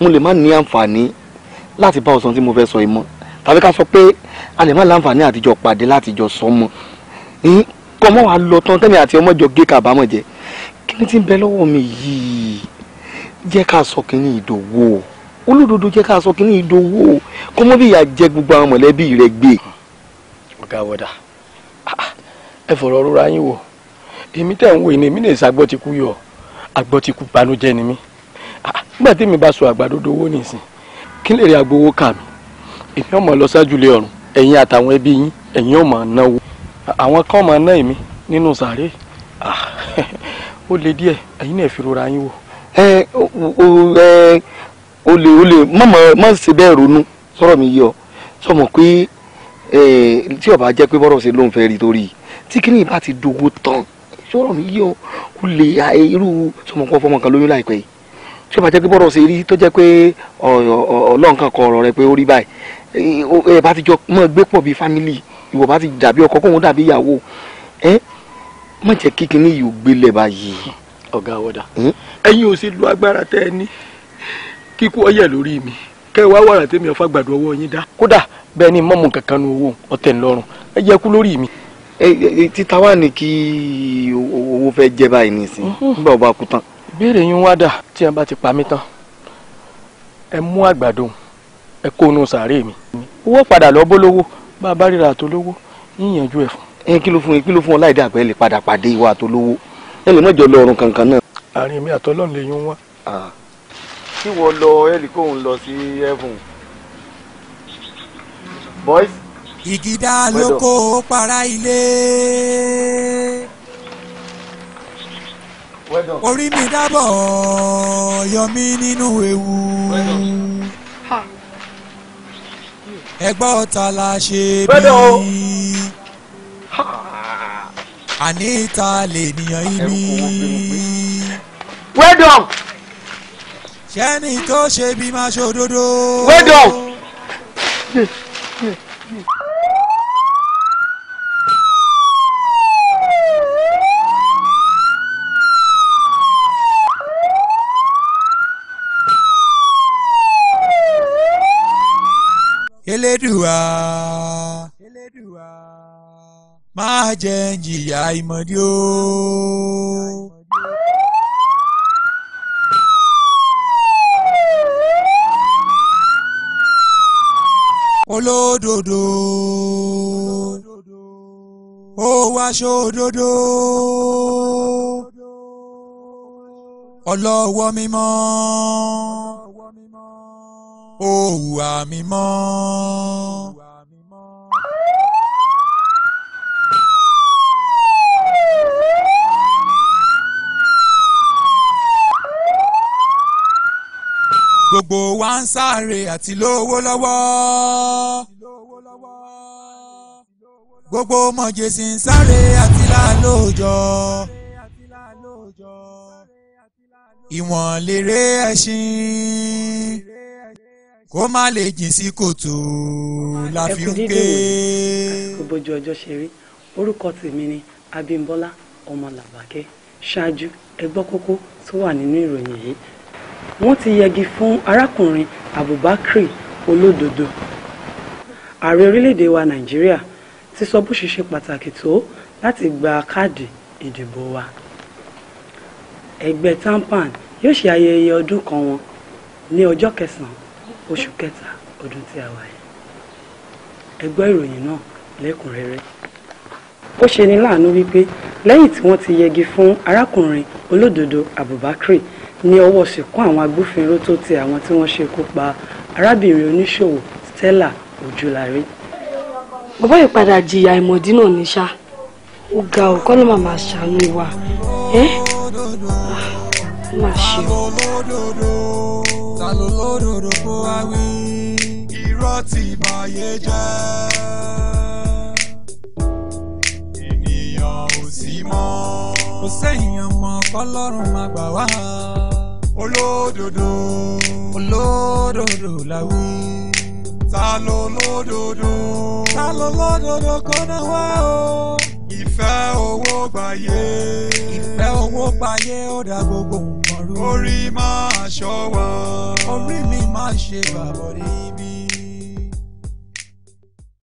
mo lè má ní àǹfààní láti bá ọ̀sán tí mo fẹ́ sọ yìí mọ́ tàbí ká sọ pé a lè má láǹfààní àtijọ́ pàdé látijọ́ sọ mọ́ kọ́ mọ́ wàá lọ tán tẹ́mi àti ọmọjọ gé kàbámọ̀ jẹ kí ni ti ń bẹ lọ́wọ́ mi yìí jẹ́ ká sọ kínní ìdòwò olódodo jẹ́ ká sọ kínní ìdòwò kọ́ mọ́ bí ìyá jẹ gbogbo àwọn mọ̀lẹ́bí rẹ gbé. ọ̀gá wọ̀dà ẹ fọ̀rọ̀ rúra yín wò èmi tẹ̀ ń wò ní èmi lè sa agbọ́ ti kú yọ agbọ́ ti kú banújẹ́ ni mí ah, nígbà tí mi bá sọ àgbàdo dowó nìsín kí lè rí agbowó kà mí èmi ọmọ lọ sájú lé ọrùn ẹ̀yin àtàwọn ẹbí yín ẹ̀yin ọmọ náwó àwọn kan máa ná èmi nínú sàárè ah, ó le díẹ̀ ẹ̀yin náà fi rora yín wò. ẹ ẹ o lè o lè mọ̀mọ́ má ṣe bẹ́ẹ̀ ronú sọ̀rọ̀ mi yọ sọmọ pé tí ó bá jẹ́ pé bọ́rọ̀ ṣe ló ń fẹ́ rí torí tí kíní bá ti dogo tán sọ̀rọ̀ mi yí o kò lè irú sọmọkọ fọmọ kan lóyún láìpẹ́ yìí tí o bá jẹ́ pé bọ́rọ̀ ṣe rí tó jẹ́ pé ọlọ́run kan kọ ọ̀rọ̀ rẹ pé ó rí báyìí ẹ bá ti jọ mọ́ gbé pọ̀ bíi fámìlì ìwọ bá ti dàbí ọkọ kóun dàbí ìyàwó ẹ má jẹ́ kí kinní yìí ò gbélé báyìí. ọ̀gá wọ́dà hm? ẹ̀yin ò sì lu agbára tẹ́ ẹ ní kíkú ọyẹ lórí mi kẹ́ ẹ wá wàrà tẹ́mi ọ̀fà gbàdúrà ọwọ́ yín dá kódà bẹ́ẹ̀ ni mọ́mù kankan nu owó ọ̀tẹ̀ ńlọrùn ẹ jẹ́ kú lórí mi. Eh, eh, eh, títa wà ní kí owó fẹ́ jẹ́ báyìí nìsín mhm. nígbà ó bá kú tán. ìbéèrè yín wá dà tí ẹ bá ti pa mí tán ẹ mú àgbàdo ẹ kó inú sàárè mi owó padà lọ bó lówó bá a bá ríra àtó lówó yíyanjú ẹ fún. ẹ kí ló fún yín kí ló fún ọ láì dé àgbẹ̀ lè padà pàdé ìwà àtó lówó ẹ lè mọ̀jọ lọ ọrùn kankan náà. àárín mi àtọ́lọ́run lè yún wá. Ah. kí wọ́n lọ ẹ̀rí kóun lọ sí heaven boys ìgídá lóko para ilé. orí mi dábọ̀ yọ mí nínú ewu. ẹgbọ́n ọ̀tá la ṣe bí. àní ìta lè nìyàn ibi. wẹ́dọ̀n. sẹ́ni tó ṣe bí máa ṣòdodo. wẹ́dọ̀n. elédùà elédùà má jẹ́ n jìyà ìmọ̀dí o. olódodo ó wá sódodo ọlọ́wọ́ mímọ́ ó hùwà mímọ́. gbogbo wa ń sáré àti lówó lọ́wọ́. gbogbo mọ̀jẹ̀sì ń sáré àti lálóòjọ́. ìwọ̀n lèrè ẹṣin kó má lè jìn sí kòtò la fi ń ké. kò bójú ọjọ́ ṣe rí orúkọ tèmi ni Abímbọ́lá ọmọ Làbákẹ́ ṣáájú ẹgbọ́ kókó tó wà nínú ìròyìn yìí wọ́n ti yẹgi fún arákùnrin Abubakar Olódodo ààrẹ orílẹ̀-èdè wa Nàìjíríà ti sọ bó ṣe ṣe pàtàkì tó láti gba káàdì ìdìbò wa ẹgbẹ́ tampan yóò ṣe ayẹyẹ ọdún kan wọn ní ọjọ́ kẹsàn-án oṣù kẹta ọdún tí a wà yìí ẹ gbọ́ ìròyìn náà lẹ́kùnrẹ́rẹ́ ó ṣe ni láàánú wípé lẹ́yìn tí wọ́n ti yẹgi fún arákùnrin olódodo Abubakar ní ọwọ́ sìnkú àwọn agbófinró tó ti àwọn tí wọ́n ṣekú pa arábìnrin oníṣòwò Stella Ojúlárí. bàbá ìpadà jìyà ìmọ̀dí náà ní sá ó ga ò ló máa ṣàánú wa ẹ́ ah, máa ṣe o ta ló lódòdó kó wá wí irọ́ ti bàyé jẹ́ ènìyàn ò sí mọ́. kò sẹ́yìn ọmọ kọ́lọ́run máa gbà wá. olódodo olódodo la wí. ta ló lódodo ta ló lódodo kó náà wá o. ìfẹ́ owó gbàyé ìfẹ́ owó gbàyé ó dá gbogbo nǹkan orí máa ṣọ́ wa orí mi máa ṣe bàbọ̀dé ibi.